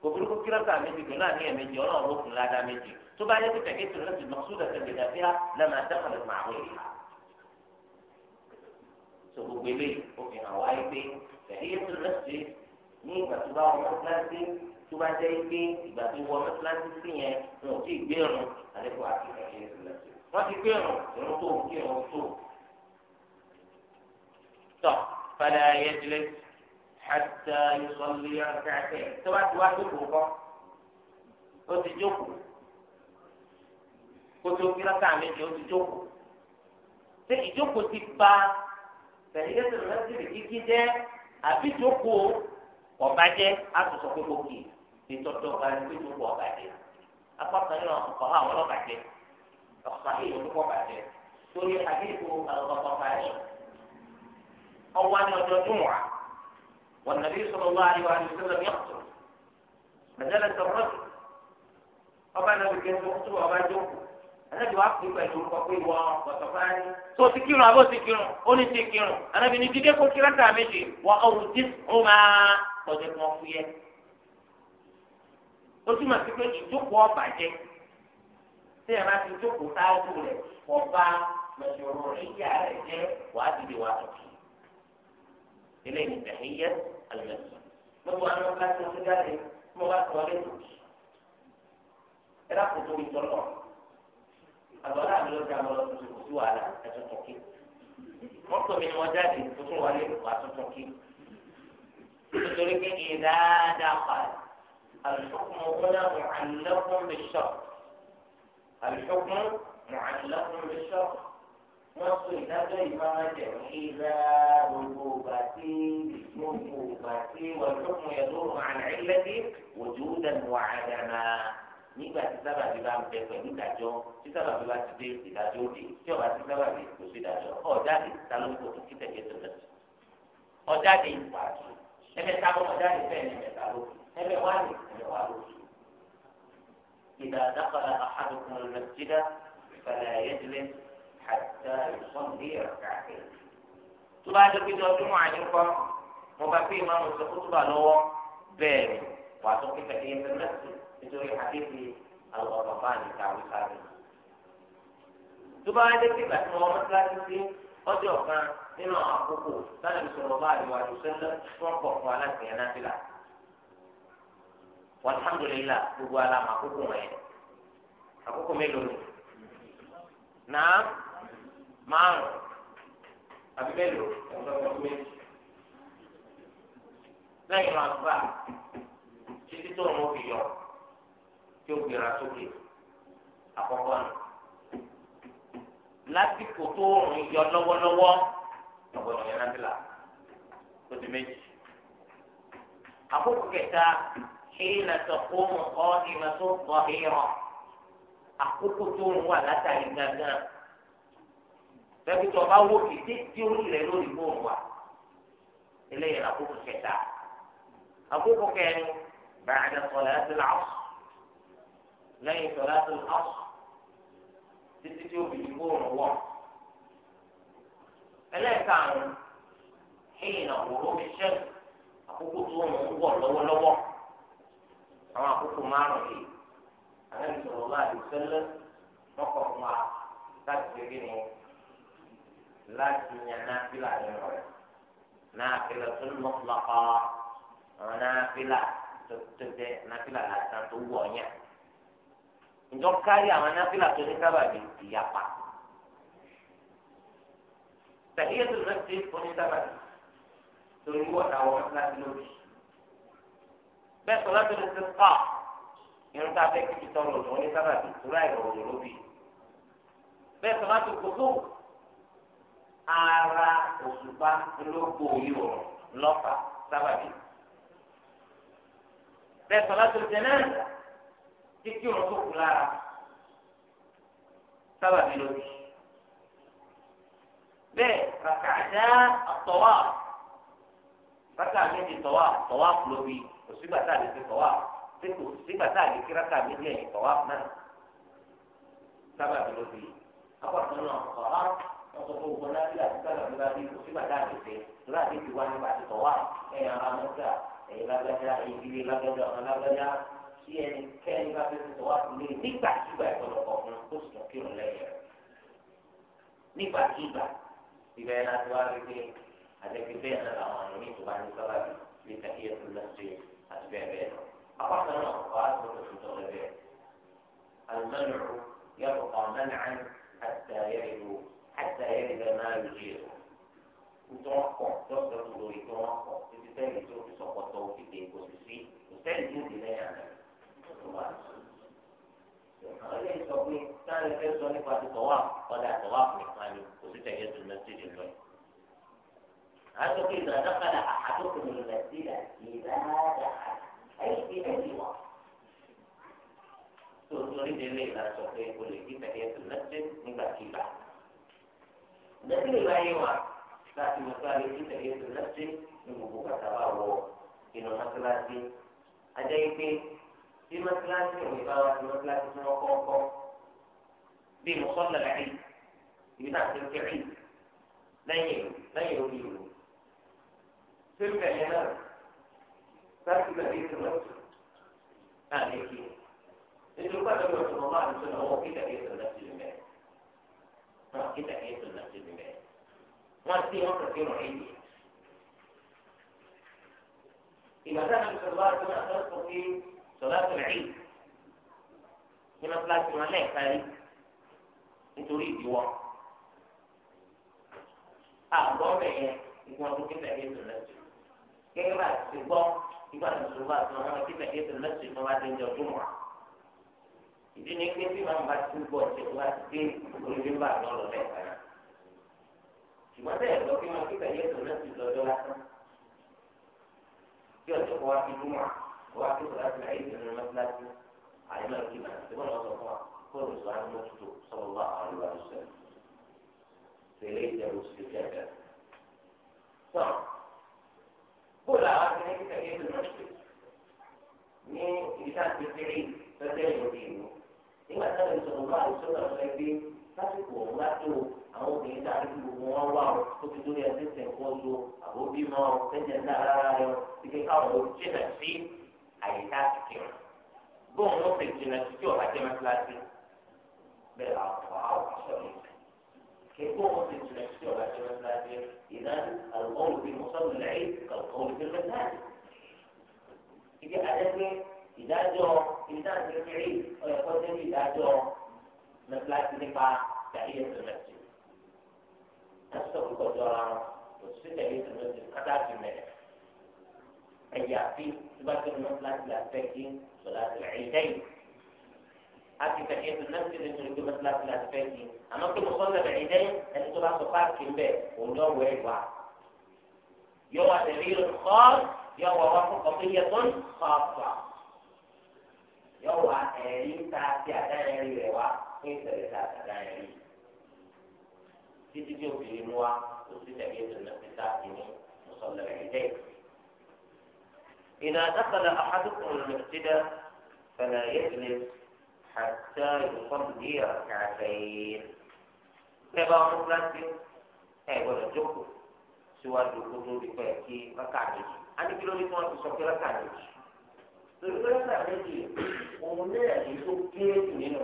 kò burúkú kí rẹ̀ kà méjì pẹ̀lú àní ẹ̀ méjì ọlọ́run ló kùn ládàá méjì tó bá yẹ kí tẹ̀lé tẹ̀lé lẹ́sìn mọ̀súdà tẹ̀lé dàbíà lẹ́nu àdáfàlẹ̀ màáwé ìhà. sọ gbogbo eléyìí ó fi hàn pé tẹ̀lé yẹ tẹ̀lé lẹ́sìn ní ìgbà tó bá wọn mọ́sálásí tó bá jẹ́ pé ìgbà tó wọ mọ́sálásí sí wọ́n ti pé ìrùn ìrùn tó kí ìrùn tó. tọ́ padà ayé tilẹ̀ àtà ìsọ̀lì àtàkẹ́ tó bá ti wá jókòó kọ́ ó ti jókòó kótó kíláka méje ó ti jókòó ṣé ìjókòó ti pa tẹ̀lé tó lọ sí ìdíkí jẹ́ àbí jókòó ọ̀bá jẹ́ àtúnṣe kókó kì í ṣe tọ́tọ́ ọ̀bá pé jókòó ọ̀bá apá kan nínú ọ̀kọ́ àwọn ọlọ́bàá الصحيح المقطع سوري حديث الغطفاني أول يوم الجمعة والنبي صلى الله عليه وسلم يقتل فجلس الرجل ọba náà bìkẹ́ tó tó ọba jókòó anabi wa kú pẹ̀lú kọ́kọ́ ìwọ ọ̀tọ̀fà ni. tó ti kírun àbó ti kírun ó ní ti kírun anabi ní dídé kó kí méjì wọ ọrùn tí ó máa tí ẹ bá ti jókòó sáájú rẹ̀ ọba mẹsòrò ìyá rẹ̀ jẹ́ wàá dìde wàá tọ̀kì. eléyìí tẹ̀híyẹ alẹ́sì. gbogbo àwọn ọba tó ti jáde mo wá sọ lé tòkì. ẹ dákò tó mi tọ́ lọ. àbọ̀dá mi ló dáa lọ tuntun kò sí wàhálà ẹ̀sùn tọ̀kì. wọ́n tó mi ni wọ́n jáde tó tún wọlé wàá tún tọ̀kì. nítorí pé ìdáadáa pa àlùkò mọ̀ ọ́nà àlùkò mi sọ̀rọ̀. الحكم معلق بالشرط نص النبي ما إذا والقوة والقوة والحكم يدور مع العلة وجودا وعدما nígbà tí sábàbí bá ń bẹ pẹ̀lú ìdájọ́ tí sábàbí bá ti dé ìdájọ́ òde tí ọba tí sábàbí kò sí ìdájọ́ ọ̀jáde ta ló ń kó kí tẹ̀jẹ̀ tó lẹ́sùn. ọ̀jáde ìpàdé ẹgbẹ́ sábà ọ̀jáde bẹ́ẹ̀ ni ẹ̀mẹ́ta ló ẹgbẹ́ wá ní ẹ̀mẹ́ wá ló fi. إذا دخل أحدكم المسجد فلا يجلس حتى يصلي ركعتين. تو بعد كده تجمع وما في ما نسكت بالو بير واتوك تكين في المسجد تجوي حديث الغرفان تعالى خالد تو بعد كده تجمع مثلا تسي أجوكا إنه أحبكو سنة صلى الله عليه وسلم فوقك ولا في نافلة walhamdulillah gbogbo ala ma koko wọn yẹ àkókò mélòó ni náà márùn àbí mélòó ọ̀dọ́kọ̀ méjì lẹ́yìn máa gbà títí tó ń mú fi yọ tí ó gbéra sókè àkọ́kọ́ nù lásìkò tó ń yọ lọ́wọ́lọ́wọ́ ọ̀gbọ̀dọ̀ yẹn náà ó di méjì àkókò kẹta. حين تقوم قائمة الظهيرة àkókò tó ń wà látàrí gángan bẹ́ẹ̀ bí tó bá wò kí títí orí rẹ̀ lórí bó ń wà eléyìí àkókò kẹta àkókò kẹrin bàdà sọláàtì làásù lẹ́yìn sọláàtì làásù títí tí obìnrin bó ń wọ̀ ẹlẹ́ẹ̀karùn-ún ẹ̀yìn àwòrán mi ṣẹ́ àkókò tó ń wọ̀ lọ́wọ́lọ́wọ́ àwọn àkókò márùn yìí àwọn ìṣòro láti ṣẹlẹ̀ lọkọ fún wa láti ṣe kíni láti yan náà fílà nínú rẹ náà fílà tó ń lọ lọkọ àwọn náà fílà tó jẹ náà fílà lásán tó wù ọyàn ìjọ kárí àwọn náà fílà tó ní sábàbí ìyapa tàbí ètò ìrẹsì oníṣàbàbí torí wọ́n náà wọ́n láti lóbi bẹ́ẹ̀ sọ láti lè fi pa irun tá a fẹ́ kíkì tọrọ lọ ní sábà tó tura ìrọ̀rùn lóbi bẹ́ẹ̀ sọ láti kókó ara òṣùpá olóko ìwọ̀ lọ́fà sábà bí bẹ́ẹ̀ sọ láti lè náà kíkì òun tó kù lára sábà bí lóbi bẹ́ẹ̀ kàkàdá àtọwà kàkàdá méjì tọwà tọwà lóbi kò sígbà tá a lè fi tọ́wà tí kò sígbà tá a lè kí rákà méjì ẹ̀yìn tọ́wà náà sábà bí ló fi akọ̀tún náà tọ́wà wọ́n sọ fún wọn láti àti sábà bí wọ́n fi kò sígbà tá a lè fi lọ́la ti ti wá nípa ti tọ́wà ẹ̀yìn ara mọ́tà ẹ̀yìn lágbájá ẹ̀yìn ilé lágbájá ọ̀nà lágbájá tí ẹni kẹ́ni bá fi tọ́wà lé nígbàkigbà ìpọ̀lọpọ̀ fún kó sùn kí òun lẹ́yìn rẹ̀ nígbàkigbà ìbẹ̀rẹ̀ láti àti bẹ́ẹ̀ bẹ́ẹ̀ lọ. apákan náà kò á tó tó tó lọ bẹ́ẹ̀. alimẹ́nu yàtọ̀ ọ̀mẹ́nu àn àtàyẹ̀rẹ̀ àtàyẹ̀rẹ̀ náà ló yẹ o. nítorí wọn kọ̀ lọ́sọ̀ tó lórí tó wọn kọ̀ títí sẹ́yìn tó fi sọ̀kọ̀tọ̀ òkìtè kò sì sí kò sẹ́yìn tó di lẹ́yìn àná àwọn ilé ìsọ̀gbìn táwọn ẹgbẹ́ sọ nípa ti tọ̀wá ọ̀dà tọ̀wá nìkan ni kò sí tẹ̀yẹ́ tó lọ sí ìdílé lọ́yìn. هذا إذا دخل أحدكم المسجد إذا دخل أي في أي وقت تريد الليل أشوف يقول لك تحية المسجد نبقى كيبا نبقى بايوة لكن مثالي في تحية المسجد نبقى كتباه إنه مثلاتي أجايبي في مثلاتي ومباوة في مثلاتي سنوكوكو بمصلى العيد إذا كنت عيد لا يهو لا يهو في المعيار فاتي بقية الوقت عليك اللي قال النبي صلى الله عليه وسلم هو في تحية النفس لله هو في تحية النفس لله وأنتي هم تكونوا عندي إذا كان النبي صلى الله عليه وسلم أخذته في صلاة العيد هنا صلاة الملاك هذه nítorí ìdíwọ́ àgọ́ bẹ̀yẹ ìgbọ́n tó kí tẹ̀lé ìdùnnú ẹ̀jẹ̀ gẹ́gẹ́ bá ti gbọ́ ìgbà tó sọ bá tó wọn kí bẹ̀rẹ̀ tó lọ́sọ̀ ìfọwọ́ bá ti ń jọ tó mọ̀ ìdí ni pé bí màmá ti gbọ́ ṣe wá sí orí bá lọ lọ lẹ́ẹ̀ka náà ṣùgbọ́n bẹ́ẹ̀ lọ kí wọn kí bẹ̀rẹ̀ tó lọ́sọ̀ ìlọ́jọ́ lásán kí ọ̀jọ̀ kọ́ wá sí tó mọ̀ kó wá sí ìfọwọ́ sí àyè ìfẹ́ lọ́sọ̀lásí àyè náà kí màmá ti gbọ́dọ̀ sọ fún wa kó lè sọ àwọn mọ́tò sọ́wọ́ àwọn àlùfáà kó làwọn akẹ́kẹ́ ti tẹ̀lé ìlú náà ṣe ní ìdíjà ti tẹ̀lé tẹ̀lé ìlòdì ìlú nígbà tí wọ́n sọ̀rọ̀ bá àìsọ náà sọ ẹgbẹ́ lásìkò òun bá tó àwọn obìnrin náà àti gbogbo wọn wà ó ó ti dórí ẹsẹ̀ tẹ̀ ń kọ́jú àbó bímọ ẹ̀jẹ̀ ń dá rárá yọ ike káwọn ó jìnà sí àyíká kìkìrì bóun ó fi jìnà sí tí ọ̀bàjẹ́ mẹ́tíláṣí bẹ́ẹ̀ làwọn àwọn يكون مسلم في نفسه ولا في مسلاته إذا القول في مصلى العيد كالقول في المساجد إذا أدنى إذا جاء إنسان في العيد ويقول لي إذا جاء مسلاته نفع تحية المسجد نفسه القدرة وسيد تحية المسجد قطع في الملك أن يعطي سبق المسلاة الأسبكي صلاة العيدين حتى تحية النفس اللي تريد بس لا تلا تفاتي أما كل مصلى بعيدين أنت تبع صفار كمباء ومدور واحد واحد يوى دليل خاص يوى وصف قضية خاصة يوى أهلين تاسي أدان أهلي روا إنت لتاس أدان أهلي تيجي تيجي في الموا وتيجي تحية النفس تاسي مصلى بعيدين إذا دخل أحدكم المسجد فلا يجلس حتى يصلي ركعتين bẹ́ẹ̀ bá wọn kíláàsì ẹ̀ gbọ́dọ̀ jókòó síwájú gbogbo ìpẹ́ kí rákà méjì á ní kí ló ní kí wọ́n ti sọ pé rákà méjì lórí pé rákà méjì òun náà èyí tó kéré jù nínú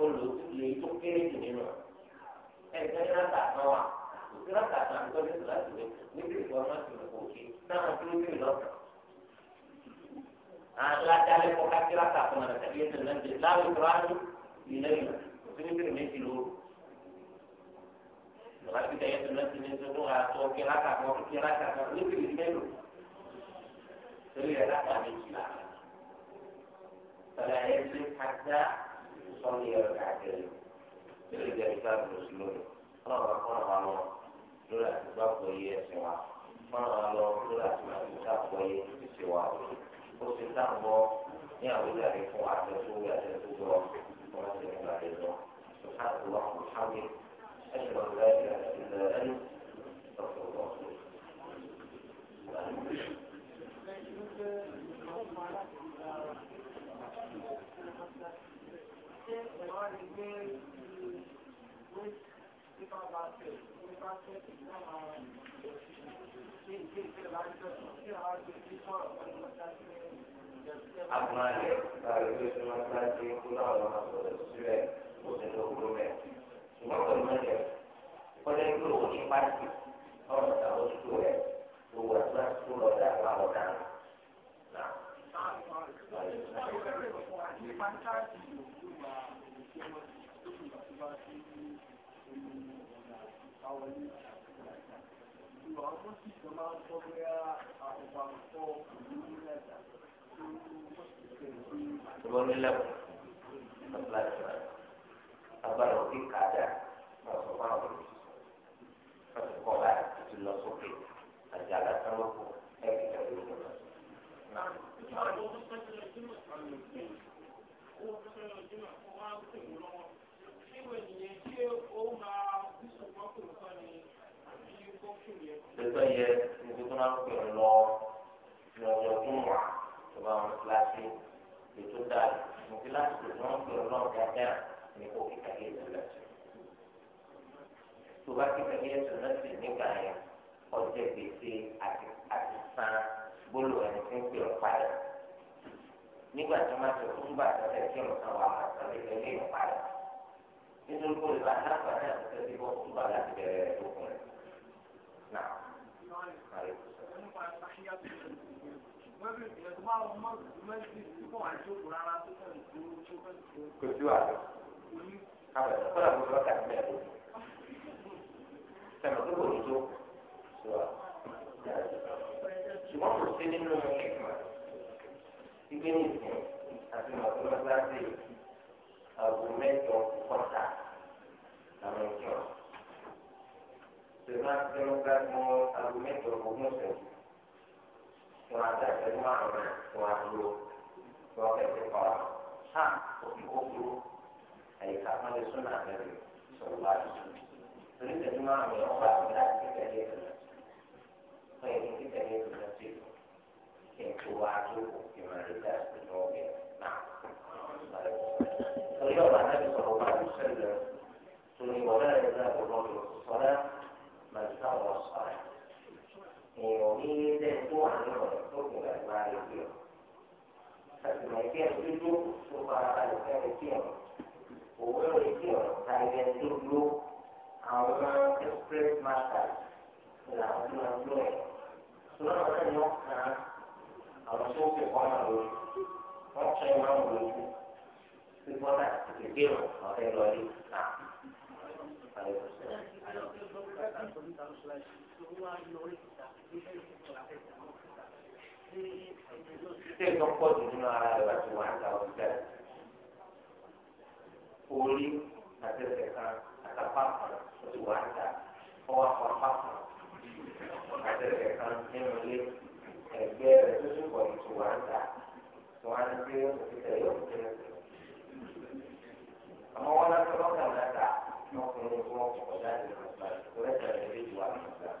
olùdókòwò èyí tó kéré jù nínú ẹ̀ gbẹ́ kan wà rákà kan tó ní kíláàsì méjì níbi ìgbà kò kí náà tó ní ìlọ́sàn. لا تعلم وكثيرا تعلم أن تبيت المنزل لا إكراه إلينا وسنة المنزل لغاية بداية المنزل من زنوها توكي راكا وكي راكا نبي إلينا سريع راكا من كلا فلا يجلس حتى يصلي ركعتين سريع ركعتين المسلمين الله رحمه الله لولا أسباب وهي سوا الله لولا أسباب وهي سوا ó ti sáàbọ̀ ní àwùjọ rẹ̀ fún àtẹ̀tù àtẹ̀tù lọ wọ́n ti ń gbà lẹ́jọ́ sùhánù wà fún sáwé ẹ̀ṣẹ̀ lọ́dún láti ilẹ̀ ẹ̀yìn lọ́sọ̀ lọ́sọ̀. Thank you agbọnalẹ káàdì tó ṣe máa ń dájú kó láwọn máa sọ̀rọ̀ sílẹ̀ kó sì lọ kúrò mẹ ṣùgbọ́n pẹ̀lú ẹ̀jẹ̀ kọjá ikú òun ní pàṣẹ ọ̀rọ̀ táwọn oṣù rẹ gbogbo àti láti kó lọ dá àwọn ọ̀daràn náà. Thank you bonilab ablasra abaro ki kada masofan wuli kasi kola ti lọ sókè ajala sanwó kó ẹbí tẹ̀lé ìlú lọ. Owó tó fẹ́ lọ jìnnà, wọ́n á ń tẹ̀wé lọ́wọ́. Ṣé ìwé nìyẹn ṣé ó máa lẹ́tọ́ yẹ níbi tó máa ń pè lọ lọ́jọ́ tó wà tó bá wọn kíláàsì ètò dáa ní kíláàsì tó máa ń pè lọ dáadáa ní kò kíkà yẹ ìṣẹ̀lẹ̀ tó bá kíkà yẹ ìṣẹ̀lẹ̀ sí nígbà yẹn ọjọ́ gbèsè àti àti san gbólò ẹni tí ń pè ọ padà nígbà tí wọ́n ti fún bàtà rẹ̀ kí ọ̀sán wà bàtà rẹ̀ lẹ́yìn ìpadà nítorí kó lè bá aláǹfààní àti tẹ́sí bọ́ fún bàtà ti bẹ̀rẹ̀ rẹ̀ tó kù. kò sí wàhálà kábẹ̀ kọ́lá kò sí wákàtí bẹ́ẹ̀ lọ sẹ́mi tó kò ní tó sí wa ṣùgbọ́n kò sí nínú ẹ̀kọ́ ìgbé ní ìsìn àti mọ̀tòmọ́sáàsì àgbo mẹ́jọ kọ́ta làwọn ìjọ ṣùgbọ́n àti mọ̀tòmọ́sáàsì àgbo mẹ́jọ ogún ṣẹ̀ṣẹ̀ tí wọ́n adá ìṣẹ́jú márùn-ún rẹ̀ tí wọ́n dúró tí wọ́n ṣá òfin kó burú àyíká kan lè sún náà lẹ́nu wá tuntun torí ìṣẹ́jú márùn-ún rẹ̀ ọba àti láti kékeré ìṣẹ̀lẹ̀ wọ́n yẹ kí kékeré ìṣẹ̀lẹ̀ sí kí n tó wá tó òfin máa rí sí ní ọ̀gbìn náà torí ọba àti sọ̀rọ̀ wá tuntun torí ìwọ̀n náà lè dá ìwọ̀n lọ èèyàn ní ilé tó wà ní ọ̀rọ̀ tó kù gbàgbà rẹ̀ kí ọ̀. Àtìmọ̀ ẹgbẹ́ dúdú tó fara balẹ̀ fẹ́rẹ̀ kí ọ̀. Òwe rẹ̀ kí ọ̀ ta ilẹ̀ tó dúró àwọn express masters làwọn máa ń lọ ẹ̀. Sọlá wọn náà ni wọ́n kàn àwọn tó kù kọ́ máa lórí. Wọ́n tẹ wọn àwọn lójú. Fífọ́ náà ti gbé wọn ọ̀rẹ́ lọ rí náà. Àyẹ̀wò sẹ́yìn ṣé ètò pọ̀ jù nínú ara rẹ̀ láti wà ní àwọn ìṣẹ́ orí àtẹ̀sẹ̀ kan àtàpá kan ó ti wà níta ọwọ́ àpapá kan àtẹ̀sẹ̀ kan nínú ilé ẹgbẹ́ rẹ̀ tó ti pọ̀ jù ti wà níta wọ́n á ní pé òṣìṣẹ́ yóò fi ṣe é àmọ́ wọn lásán lọ́kàn náà ta ọkùnrin tí wọ́n kọ̀ jáde lọ́sàn-án lọ́sàn-án lè wà lọ́sàn-án.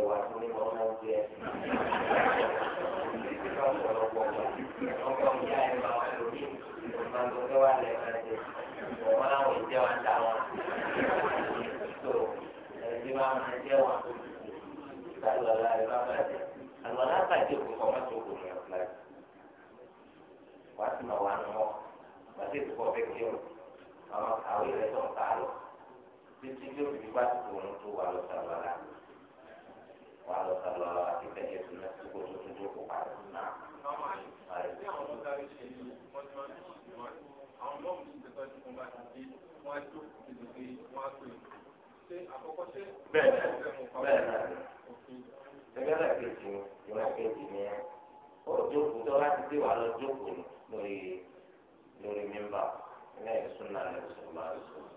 ẹ̀wà tó ní wọn máa ń jẹ. Ìjọba ọ̀pọ̀lọpọ̀ ọkọ̀ ìyá ẹ̀ máa wà lórí ìgbàgbọ́ tó wà lẹ́ẹ̀kan jẹ. Wọ́n láwọn ìjẹ́ wa ń dá wọn. Tó ẹbí máa ń jẹ́ wọn. Ìgbàlọ́ ọ̀la ẹ̀ máa bàjẹ́. Àlọ́ alábàjẹ́ òkú kọ́ mọ́tò òkú ní ọ̀pá. Wàá sì máa wà nù mọ́. Bàtẹ́ ìtukọ̀ kí ọ àwọn àwé rẹ̀ tó ń ta lọ. Títí yóò fi wá tó wà lọ́sàlọ́lá wà lọ sàlọ ara àti fẹjẹ tó náà tó kó tó tó tó kó padà tó náà. Bẹ́ẹ̀ bẹ́ẹ̀ náà ni. Ẹgbẹ́ kejì ni kejì ni ẹ́. Ó jókòó tó láti dé wà lọ jókòó lórí lórí mímbà. Ilé ìsúná lè sọ̀rọ̀ máa sọ̀rọ̀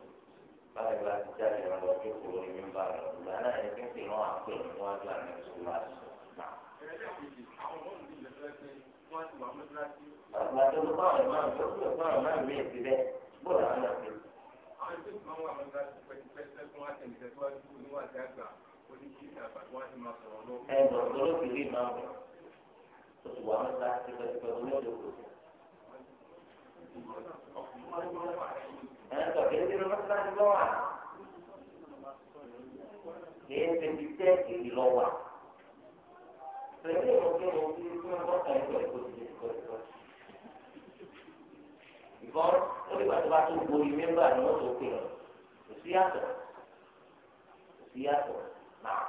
báwo ni wàá ti jáde wọn lọ sí kúrò ní mímbà rẹ ìgbà náà ni pínpín náà wà pé òun wá gbà ní oṣù láti àgbà tó ń bá ọ̀rọ̀ máa ń tó kúrò fún máa ń mí èsì bẹ́ẹ̀ bóòlù àwọn náà fi. àwọn ètò ìgbà wọn àwọn ìgbà tó pẹ́ẹ́sẹ́ fún wa tẹ̀lé tẹ̀síwájú níwájú àgbà oníṣẹ́ àgbà tí wọ́n ti máa sọ̀rọ̀ lọ. ẹ gbọ́dọ̀ ló fi rí máa bọ̀ tó ti wà wọn láti pẹ́ẹ́sẹ́ pẹ́ẹ́sẹ́ ẹ̀rọ tó kéde nínú mọ́tíláṣí lọ́ wà kéé tẹ̀sí tẹ́ èyí lọ́ wà pẹ̀lú ìmọ̀kẹ́wọ̀n tí wọ́n bọ́ ta ẹ̀rọ ẹ̀kọ́ ti kọ́ ẹ̀kọ́ ìbọn ó lè gbàtọ́ bá tó borí mẹ́mbà ni wọ́n tó pè ọ́ kò sí yàtọ̀ kò sí yàtọ̀ náà.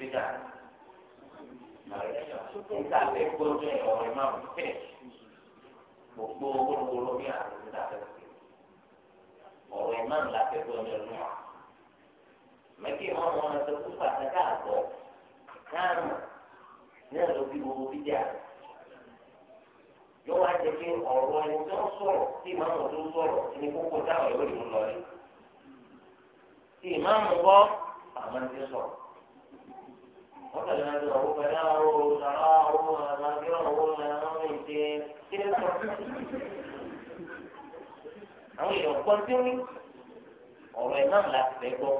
Bíjà nígbà tó kó ní ọ̀rọ̀ ìmọ̀ fẹ́ gbogbo olùkóró bí àrùn nígbà tó kó ọ̀rọ̀ ìmọ̀ ńlá fẹ́ kó ní ọdún mẹ́kì wọn mọ ọmọ tó kú pàtàkì àgbọ̀ káàrùn náà ló fi gbogbo bíjà yóò wá jẹ pé ọ̀rọ̀ ẹni tó ń sọ̀rọ̀ tí ìmáàmù tó ń sọ̀rọ̀ ní kókó táwọn yóò lè lọ rí. tí ìmáàmù bọ́ àwọn وتنزه àwọn èèyàn kọ́ tí ó ní ọ̀rọ̀ ẹ̀ náà láti fẹ́ gbọ́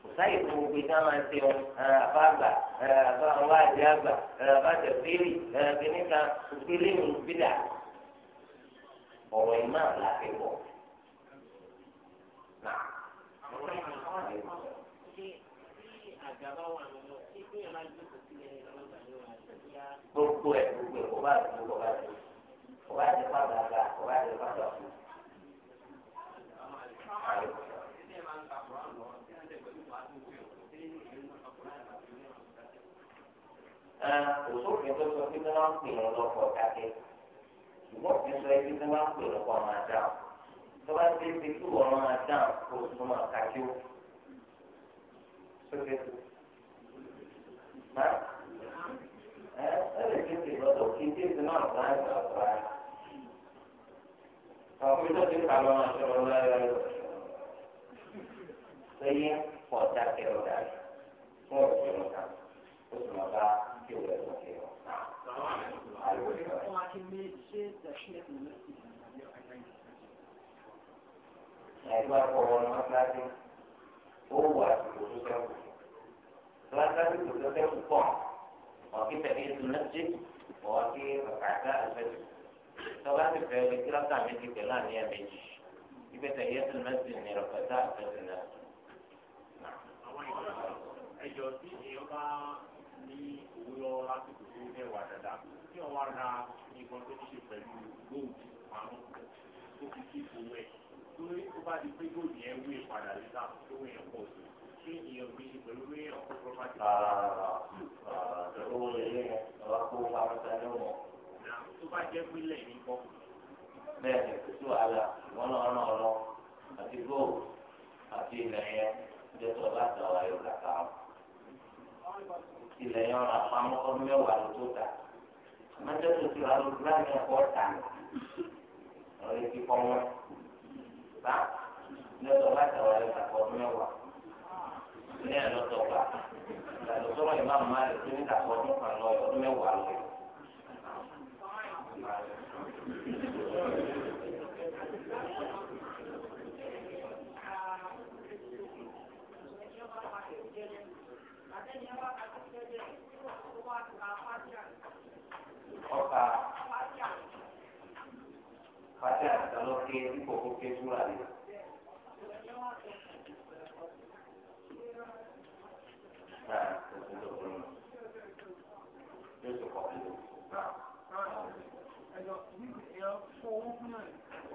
kò sáyè tó gbogbo iná máa ṣe ohun àbá àgbà àbá àwọn àjẹ àgbà àbá tẹ̀síìrì kìnnìkan òkèlè ìlú bídà ọ̀rọ̀ ẹ̀ náà láti fẹ́ gbọ́ gbogbo ẹ gbogbo ẹ kò bá ti gbogbo bá ti kò bá ti pa gbàgbà kò bá ti pa dọ̀kú. òṣòfin tó sọ pé kí wọ́n pè ọ́ lọ́kọ̀ dákẹ́ ṣùgbọ́n kí sọ pé kí wọ́n pè ọ́ lọ́kọ̀ máa dáhùn tó bá ti ṣe kí wọ́n máa dáhùn kó o tún máa kájú ẹ ẹ lè kéde lọ́dọ̀ kí kéde náà bá ẹ gbà bá ẹ. ọkùnrin tó ti kà lọ àti ọ̀rọ̀ ẹ lọ. lẹ́yìn pọ̀ dákẹ́ ọ̀dà fún ọ̀sẹ̀ ọ̀dà ó sì máa bá kí o lẹ́nu itu itu, kami di kita Kita Kita Kita Kita ni, ni فلازم تتابع الفرع وكيف تأتي المسجد وكيف ركعتا الفجر سواء في الكلام بتاع ميجي كلام هي ميجي يبقى تحية المسجد ان ركعتا الفجر نعم ẹjọ́ tí èèyàn bá ní owó lọ́wọ́ lásìkò tó ń bẹ̀wà dáadáa tí wọ́n wá ra nǹkan tó ní ṣe pẹ̀lú gold pamọ́ tó fi kí owó ẹ̀ tó bá di pé gold yẹn wé padà lẹ́sà tó wẹ̀ ẹ̀ pọ̀ sí i owó lélẹ̀ yẹn ọba kó pamọ́ sáré wọn. tó bá jẹ́ pínlẹ̀ ní kọ́. bẹ́ẹ̀ ni kò sí wàhálà wọn náà náà lọ àti góòlù àti ilẹ̀ yẹn jẹ́ tó ọba àti ọba yóò kàkà wọn. ilẹ̀ yẹn ọ̀nà pamọ́ ọdún mẹ́wàá ló tó ta. àmọ́jọ́ tó ti wà ló gbá ní ẹ̀kọ́ ta ni. ọ̀rẹ́ ti kọ́ wọn. bá jẹ́ tó ọba àti ọba yóò kàkà ọdún mẹ́wàá. ní ẹ̀ lọ́tọ̀ wà ìyàtọ̀ sọ́rọ̀ ìmáàmù máa lè tó níta kọ́ ọdún kan lọ ọdún mẹ́wàá lọ. ọkà àtàlọ́kẹ́ kó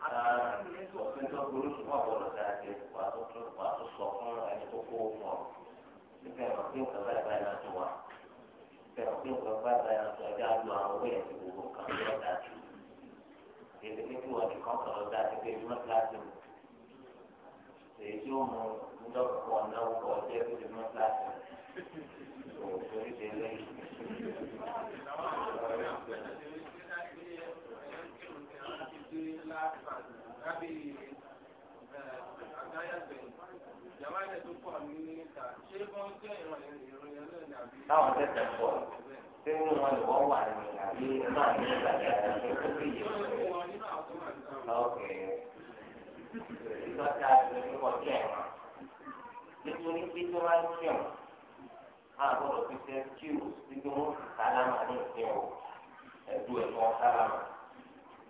òfin tó burú fún ọ̀bọ̀rọ̀ dáadé wà tó tó wà tó sọ fún ẹni tó kó fún ọ. Ìfẹ́ ọ̀ pé nǹkan báyìí báyìí náà tó wà. Ìfẹ́ ọ̀ pé nǹkan báyìí báyìí náà tó ẹgbẹ́ àlọ́ àwọn owó yẹn ti gbogbo nǹkan tó lọ dáa jù. Èdè pé kí wọ́n ti kọ́ kọ̀ lọ ti pé mọ́ kíláàsì mu. Èyí tí ó mu ńdọ́kọ̀ náà kọ̀ táwọn tẹ̀sẹ̀ pọ̀ ṣé nínú wọn lè wọ́n wà ní àbí náà ní ìgbàgbé àti ìgbàgbé yìí. ọ̀kẹ́ ìtọ́jà ìgbìmọ̀ jẹ́ ẹ̀wọ̀n nítorí pé tó máa ń jẹun àgbọ̀dọ̀ fi ṣe kíw nínú sálámà ní ìpín o ẹ̀dùn ẹ̀fọn sálámà.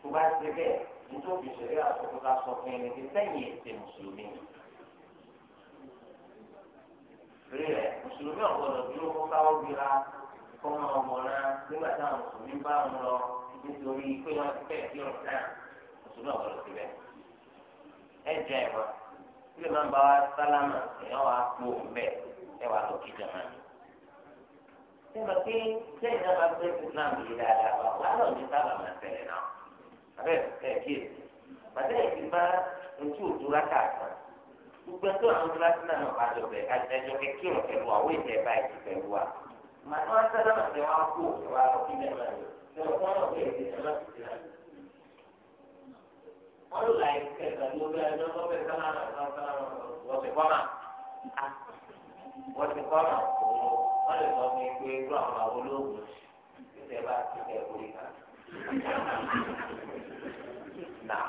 tó bá ṣe bẹ́ẹ̀ nítorí ìṣẹ̀lẹ̀ àtọ́kọ́ta sọ fún ẹni pé sẹ́yìn ètè mùsùlùmí yìí. rí ẹ̀ mùsùlùmí ọ̀gbọ́dọ̀ dúró káwọ́ gbéra ọmọ náà nígbà táwọn mùsùlùmí bá lọ nítorí pé wọ́n ti fẹ́ẹ̀ kí ọ̀rọ̀ náà mùsùlùmí ọ̀gbọ́dọ̀ ẹ jẹ bá wa sálámà kú òun bẹ́ẹ̀ ẹ wà lọ kí jẹun islam yìí dáadáa wà náà. gbogbo ẹtọ àwọn kíláàsì náà náà bá jọ bẹ ẹjọ kẹkẹ rẹ pẹ̀lú àwọn èdè ẹbá ẹtì pẹ̀lú wa màá wọn sábà máa tẹ wọn kó ìwà òbí náà lọ sí ọkọ náà bẹ ẹdì náà lọ sí ìlànà wọn lò láì kẹta ló bẹ ẹjọ tó bẹ sábà náà sábà náà wọ́n ti kọ́ náà wọ́n ti kọ́ náà kó wọ́n lè sọ fún pé irú àwọn olóògùn ìṣe bá ti kẹ orí kan. Nah.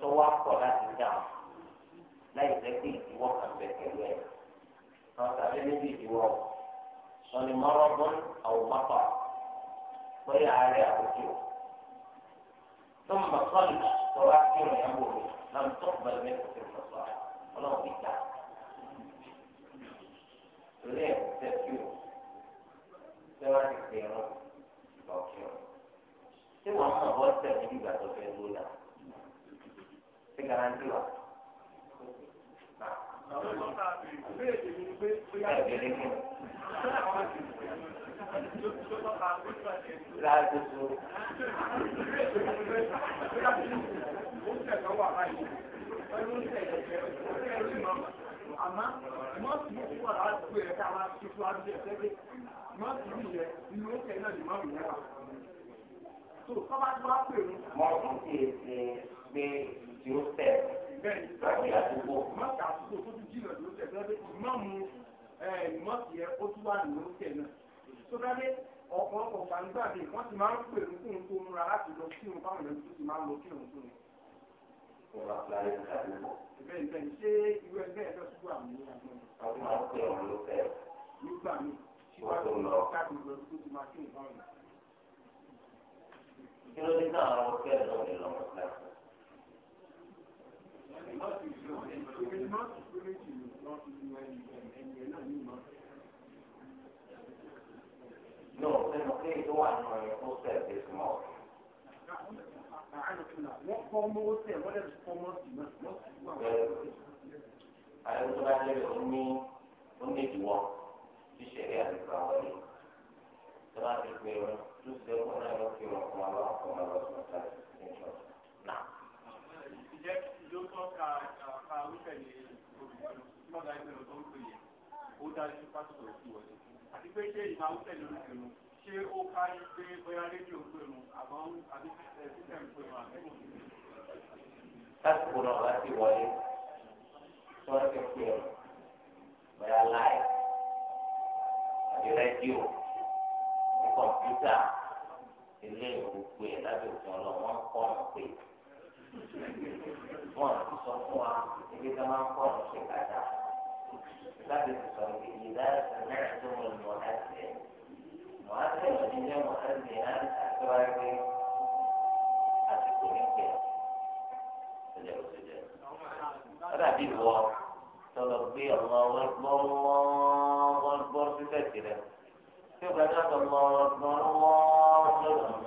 tó wá pọ̀ láti dáhùn láì jẹ́ pé ìdíwọ́ kan bẹ̀ pẹ̀lú ẹ̀. Àwọn tàbí níbi ìdíwọ́ wọn ni mọ́rọ́gbọ́n àwòmápa bóyá àárẹ̀ àwùjọ. Tó ń bọ̀ sọ́ọ̀lù tó wá kí ìrìn àbò rẹ̀ láti tó bẹ̀rẹ̀ mẹ́kọ̀ọ́ tó ń sọ̀rọ̀ ọlọ́run ti ta. Torí ẹ̀ tẹ̀ sí o, ṣé wá ti pè é rán lọ́kẹ́ o? Ṣé wọ́n mọ̀ bọ́ sẹ̀ níbi ìgbà tó fẹ́ lóla? ṣe garanti wa. Láàdúgbò yóò tẹ̀. bẹ́ẹ̀ni báyìí àdúgbò máa ta àdúgbò tó tún jìnnà ló tẹ̀ lọ́dẹ ìmọ̀mù ìmọ̀sí ẹ̀ ó tún wà ló tẹ̀ náà. sódàdé ọ̀pọ̀lọpọ̀ gbàgbàgbé wọ́n ti máa ń pè ní kóhun tó múra láti lọ sí òun báwọn ẹ̀rọ tó ti máa ń lọ sí òun tó ní. bẹ́ẹ̀ni bẹ́ẹ̀ni ṣé irú ẹgbẹ́ ẹ̀ lọ́sùn wà ní àgbọ̀n. nígbà míì síwájú ọ̀ká ti lọ sí ti máa kí nǹkan rẹ̀. kí ló dé náà ọkẹ́ ẹ̀ No, nínú pé tó wà nínú ẹ̀yìn tó sẹ̀ dé súnmọ́. Wọ́n kọ́ ọmọ ó sẹ̀ wọ́n lè kọ́ ọmọ sí náà. Àwọn tó bá jẹ́ pé ó ní ó ní ìdíwọ́ tí ṣẹ̀rí àdìgbà wọlé. Tó bá ti pé wọn tó ṣe ọkọ̀ náà lọ́kì wọn fún wa lọ́wọ́ fún wa lọ́sọ̀ọ́sọ̀ náà ló tọ́ka àkà wípẹ̀lẹ̀ ìgbọ́dá ìpẹ̀lẹ̀ tó ń pè yẹ ó dájú pásítọ̀ sí wọlé àti pé ṣé ìmọ̀ wípẹ̀lẹ̀ ló ń pè mú ṣé ó kárí pé bóyá rédíò pè mú àbọ̀ àbí sísẹ̀m pè mú àbẹ́kùn lásìkò náà láti wọlé tí wọ́n ti pè ọ́ bóyá láì àbí rédíò ní kọ̀m̀pútà ilé ìwòkú ẹ̀ lábẹ́ òfin ọlọ́wọ́n kọ́ ọ̀nà pé wọn àti sọ fún wa ebi ká máa ń kọ́ ọ̀rọ̀ ṣe kàdá láti sọ èyí láti náà tó mọ̀ ní ọ̀dà tẹ̀. Màá tẹ̀lé nílé màá tẹ̀lé láti àtúwárí pé àsìkò ní pẹ̀. Ṣèjẹ́ o ṣèjẹ́. Ọ̀dà bí wọ tọ́lọ̀ gbé ọ̀nà ọgbọ́n sí tẹ̀sí Tí o bá dá ọ̀nà ọgbọ́n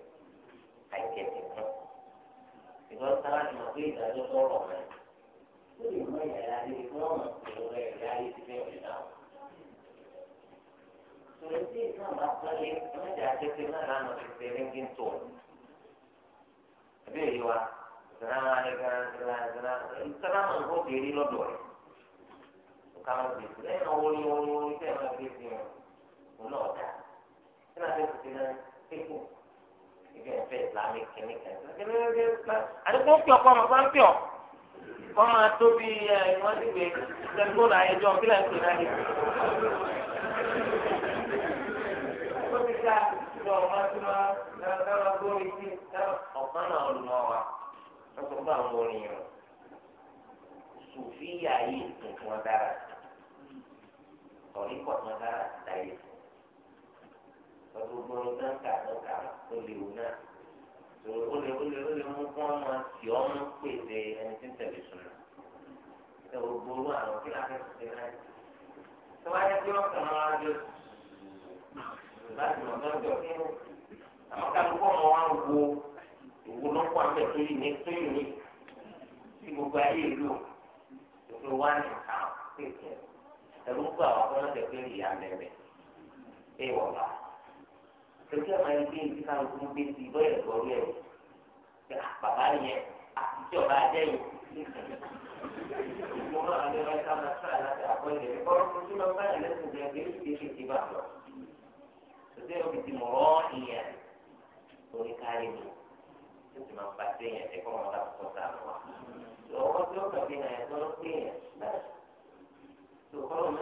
àìkẹ̀tì kan ìgbọ́n sábà ní mo gbé ìdájọ́ sọ̀rọ̀ rẹ̀ ó lè mọ ìyàrá rí i fún ọ̀nà ìrora ìyàrá rí ti fẹ́ẹ̀ rìn náà. sọ̀rọ̀ tí ìgbà bá pọ́nlé ọmọdé àtẹ́tẹ́ náà lánàá ti fẹ́ rí ní tó. ẹbí èyí wa ìsìlámù alẹ́gbẹ̀rẹ̀ ìsìlámù ìsìlámù ní wọ́n ní wọ́n ní fẹ́ẹ̀ máa gbèsè wọn náà dá ibi ẹ̀fẹ́ islamic kìíní kan àdúgbò ń pè ọkọ ọmọ bá ń pè ọ kọ́ máa tóbi wọ́n ti gbé tẹlifóònù àyẹjọ́ kí lẹ́yìn pè náà yẹ. ó ti ká ìjọ ọmọ tí wọ́n lọ́wọ́ lórí sí ọ̀kan náà lọ́ wa wọ́n sọ fún àwọn orin yẹn sùfíyà yìí tuntun dára ọ̀rí kọ̀ọ̀kan dára dáyé sí pẹ̀lú gbogbo náà kà ó lè wù náà tó ó lè ó lè ó lè mú kó ọmọ tí ọ pèsè ẹni tí ń tẹ̀lé sùnà ẹ ò gbòòrò àwọn kí láti ṣe náà tó bá yẹ kí wọ́n kàn án wájú láti mọ̀ lọ́jọ́ kí àwọn kálukú ọmọ wa ń wo ìwúlọ́pọ̀ ẹ̀tọ́ yìí ní tó yìí ní tí gbogbo ayé ìlú ìfẹ́ wá ní ìka pèsè ẹ̀rú gbà wọ́n fọ́nà tẹ̀lé ìyá mẹ́rẹ̀ ẹ̀ wọ̀ bá ẹgbẹ́ máa ń gbé ní káwọn gbé ti lọ́yẹ̀ lọ́rú ẹ̀ bàbá yẹn àtijọ́ ọba adẹ́yìn mo máa ń lọ ká máa ṣáà láti àbọ̀ ilẹ̀ ọ̀rọ̀ tó tún máa ń báyà lẹ́sìn jẹ́ pé ó ti ṣe ti bá lọ. ṣùgbọ́n ó fi ti mọ̀ ọ́ ìyẹn lórí kárí mi ó sì máa ń bá sí ìyẹn ẹ̀kọ́ máa bá tó sáà lọ wá. ọwọ́ tí ó kàn fi hàn ẹ̀kọ́ ló pé yẹn náà tó kọ́ ló ń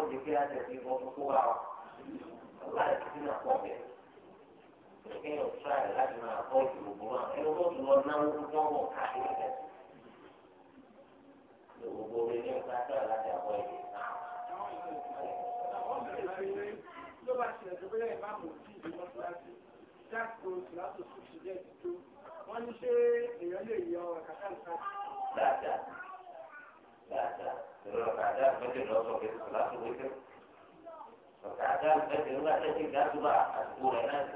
lọ sí kí ni òtún àyè láti máa kọ́ ìgbòho náà ẹni tó tún lọ náwó tó wọ̀ káàkiri rẹ̀ gbogbo rẹ̀ ní òtún àyè láti àkọ́ ìgbè náà. ló bá ṣe ẹ̀dọ́ bóyá ìmáàmù tí ìlú wọn ti láti jákòó ìlàtò sùn sí jẹ́ ìdíjọ́ wọ́n ní ṣé èèyàn lè yọ kàkà nǹkan. dáadáa dáadáa ìrora kàdá méjì lọ sọ pé ìlàtò náà.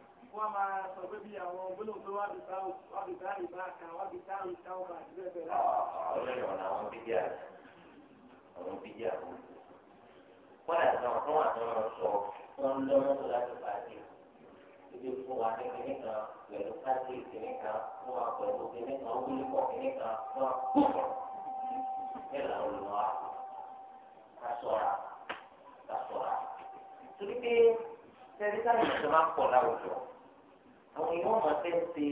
wọ́n máa sọ pé bí àwọn gbólóhùn tó wá bìtá wá bìtá ìbá kan wá bìtá ìta ọba àti bẹ́ẹ̀ bẹ́ẹ̀ lọ. ọlọ́run ọ̀nà àwọn bíjì àná àwọn wọ́n àti àwọn fún àtọ́nà sọ wọ́n ń lọ́wọ́ láti pàdé ibi fún wa ní kíní kan pẹ̀lú káàdì kíní kan fún wa pẹ̀lú kíní kan wílí pọ̀ kíní kan fún wa púpọ̀ bẹ́ẹ̀ làwọn olùwà ká sọ̀ra ká sọ̀ra torí pé sẹ́ni káàdì pọ̀ láwùjọ àwọn ìwọ́n máa fẹ́ ṣe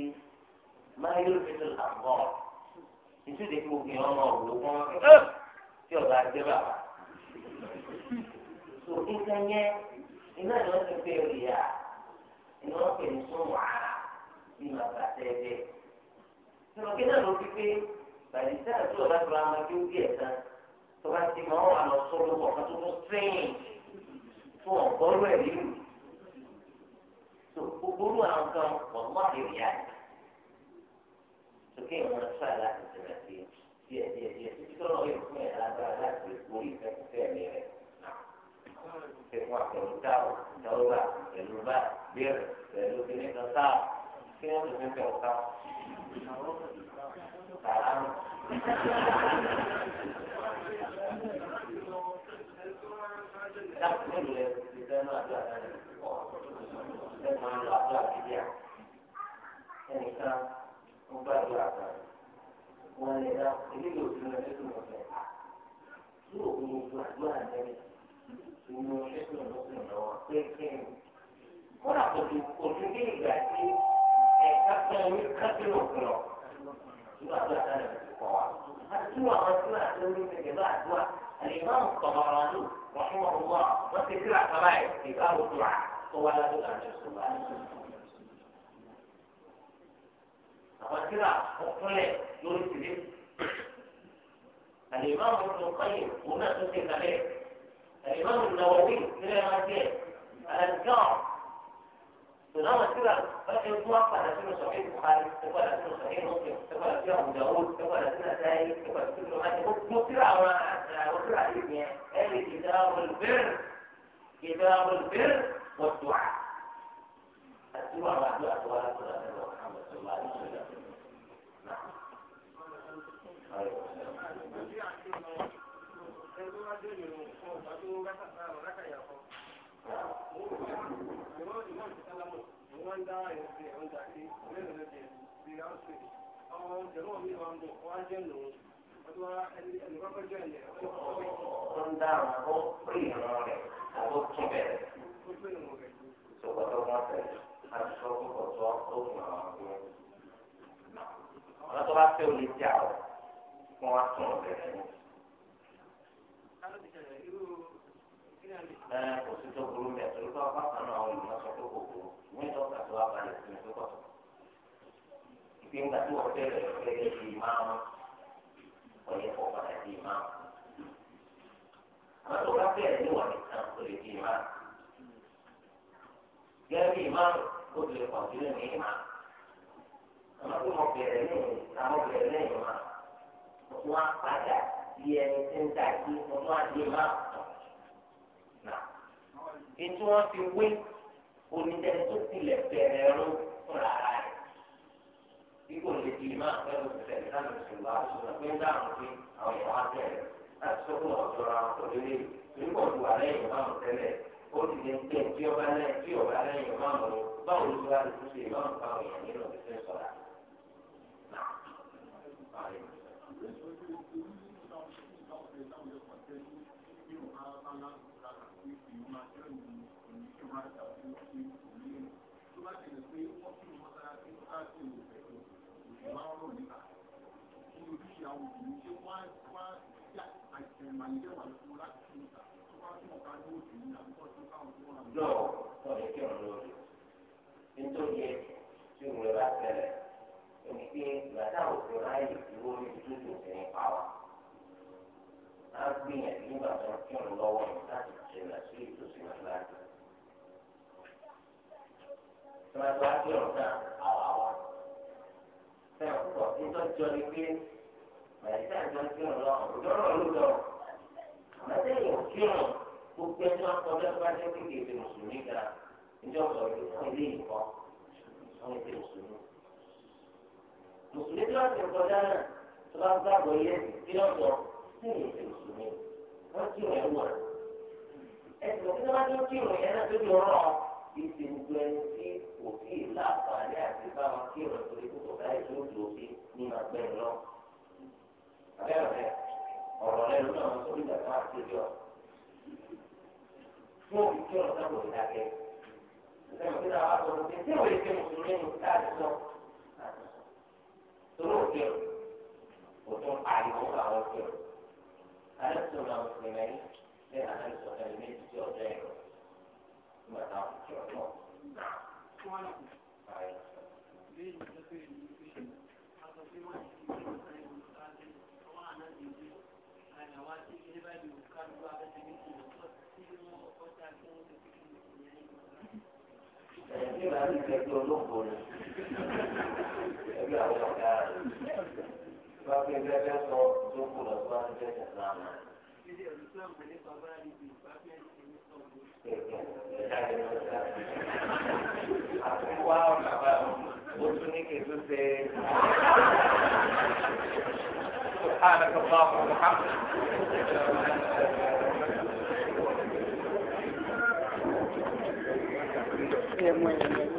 máyọ́rù fífi àgbọ̀ ìtúdè kí obìnrin ọmọ òwúrọ̀ eh! tí ọba àjẹ bàbá. tó ìgbà yẹn iná ni wọ́n ti fẹ́ rìà iná wọn pè ní sún wàhálà bí màbà tẹ́ẹ̀bẹ́. ìrọ̀kẹ́ náà ló fi pé bàdìsá àti ọ̀dà tó ra máa kí ó bí ẹ̀sán tó bá ti máa wà lọ sọ́dọ̀ ọ̀kan tó tún sẹ́yìn fún ọ̀gọ́rù ẹ̀ lílù tó àwọn kan wọ́n mọ̀ èrè yá ni sókè wọn sọ àlàkù tẹ̀lé sí díẹ̀ díẹ̀ díẹ̀ títí tó lọ́ọ́ yóò fún ẹ̀ lágbára láti borí ìfẹ́kùfẹ́ mi rẹ̀ fífún àpẹẹrẹ táwọn ìdáwọ́gbà pẹ̀lú bá bẹ́ẹ̀rẹ̀ pẹ̀lú kíní kan táà kí wọ́n ti fífẹ́ ọ̀ká kàrá mi. mélòó lẹ ti náà fẹ́ máa lọ àdó àbíyá ẹnìkan ń gbàdúrà kan wọn lè dá ìdílé òbí rẹ lẹ́tọ̀ lọ́sẹ̀ tí òun ní ojú àdúrà lẹ́yìn ìmú lẹ́tọ̀ lọ́sẹ̀ lọ́wọ́ pẹ́ẹ́kẹ́ kódà kò ju kò ju bí ìgbà tí ẹ̀ka kan ní kápẹ́rẹ́ òkun lọ ìgbà àdúrà kan lè fi kọ́ wa. àdúrà wọn tí wọn àti orí ìgbẹ́ bá àdúrà àlè máa ń kọ̀ ọ̀rọ̀ ọdún wọ́n fún wọn wọ́n ti sílà sábà ẹ̀ ìgbà òdùrà. ولا تدعي فقد كده مقتنع نور السبيل الإمام ابن القيم هنا تنكر عليه الإمام النووي كده يا الأذكار فلما كده فاكر توقع 72 بخاري تقول 72 مسلم تقول فيها أبو داوود تقول فيها سعيد تقول فيها مكرع ومكرع الابن يعني قال كتاب البر كتاب البر والدعاء الدعاء مع دعاء سؤال النبي محمد صلى الله عليه وسلم نعم Wọ́n dáhùn ó pè é rán rẹ̀ àbó tún bẹ̀rẹ̀ sọ̀rọ̀ tó wọ́n fẹ́ àti sọ́kùn ọ̀tọ́ ọ̀gbìn àwọn ọ̀gbìn. ọ̀nà tó bá fẹ́ olè jà ọ́ wọ́n á tún ọ̀bẹ fún un. ẹ kò sí tó burú bẹ́ẹ̀ torí bá bá kan náà àwọn ènìyàn sọ pé kò burú ní ìtọ́ka tó wà balẹ̀ sí ní pípọ̀. ìpín ìgbà tí wọ́n bẹ̀rẹ̀ gẹ́gẹ́ di ìmáàmù gẹ́gẹ́ bí ìmáàmù ó ti lè kọ̀ọ̀tún ní ìmá. Àmọ́ tí mo bẹ̀rẹ̀ lẹ́yìn àwọn bẹ̀rẹ̀ lẹ́yìn wa, mo tún wá padà sí ẹni tí ń ta sí mo tún wá di ìmáàmù. Ètò wọn fi wé onídẹ́ni tó tilẹ̀ bẹ̀rẹ̀ ẹ̀rọ fúnra rẹ̀. Ibo lè di ìmáàmù pẹ̀lú ìfẹ̀lẹ́ láti ṣùgbọ́n àṣùwọ̀n pé ń dáhùn pé àwọn ìwà bẹ̀rẹ̀ láti sọ́kùn ọ̀dọ́ra ọ̀dọ́lé ó sì lè gbé tí ọba lẹ́yìn tí ọba lẹ́yìn ọba mọ báwo ló wá lè ṣe ìmọ̀ nǹkan èèyàn nínú ìfẹ́ sọ̀rọ̀ Thank you dọ̀ sọ̀rọ̀ kí ọ̀rọ̀ lórí nítorí tí mo rẹ̀ bá tẹ̀lé ẹni pé bàtà òkú ráyè ìwọ ní tuntun sí ní pàwọ́ á gbìyànjú nígbà tó ń kí ọ̀rọ̀ lọ́wọ́ láti ṣẹlẹ̀ sí ìtòsí náà láti. Tọ́lájú kí ọ̀rọ̀ náà àwọ̀ àwọ̀. Fẹ́ẹ̀ pọ̀ nítorí jọ ni pé bàtà ìjọ kí ọ̀rọ̀ lọ́wọ́ òjò ọ̀rọ̀ ló lọ. Àmọ́ gbogbo ẹni wọn kọjá tó bá jẹ kéèké ìpè mùsùlùmí ga ìjọ sọ èdè fún ilé ìkọ fún ìpè mùsùlùmí. mùsùlùmí tó bá ti kọjá náà tó bá gbàgbọ́ yẹ kí lọ sọ fún ìpè mùsùlùmí wọn kí wọn wà. ẹsìn òkú tó bá tó kí wọn yẹn náà tó di ọ̀rọ̀ ìpè gbogbo ẹni tí kò sí ìlàpàdé àti báwọn kí wọn torí kókò báyìí tó dùn sí ní àgbẹ̀ lọ. abẹ́rẹ́ ọ̀rọ̀ rẹ̀ lọ́nà tó tí wọ́n fi kí ọ̀rọ̀ náà wọ̀ dákẹ́. Ìgbà tí wọ́n wá sọ̀rọ̀ pé tí wọ́n lè fi mùsùlùmí nù láti sọ. Torí òkè ò tún pariwo àwọn òkè ò. Alẹ́sùn náà mùsùlùmí lẹ́yìn lẹ́yìn alẹ́sùn náà lè ti ọjọ́ ẹ̀rọ. Ìgbà táwọn òkè ò tí màá ní ẹgbẹ́ olóńgbò rẹ̀ ẹgbẹ́ àwọn ọ̀gá rẹ̀ bá fi ẹgbẹ́ fẹ́ sọ tó kù lọ sí wájú ẹ̀sẹ̀ náà náà. Àfiwá ọ̀nà bá o tún ní kìí tún ṣe. سبحانك اللهم وبحمدك de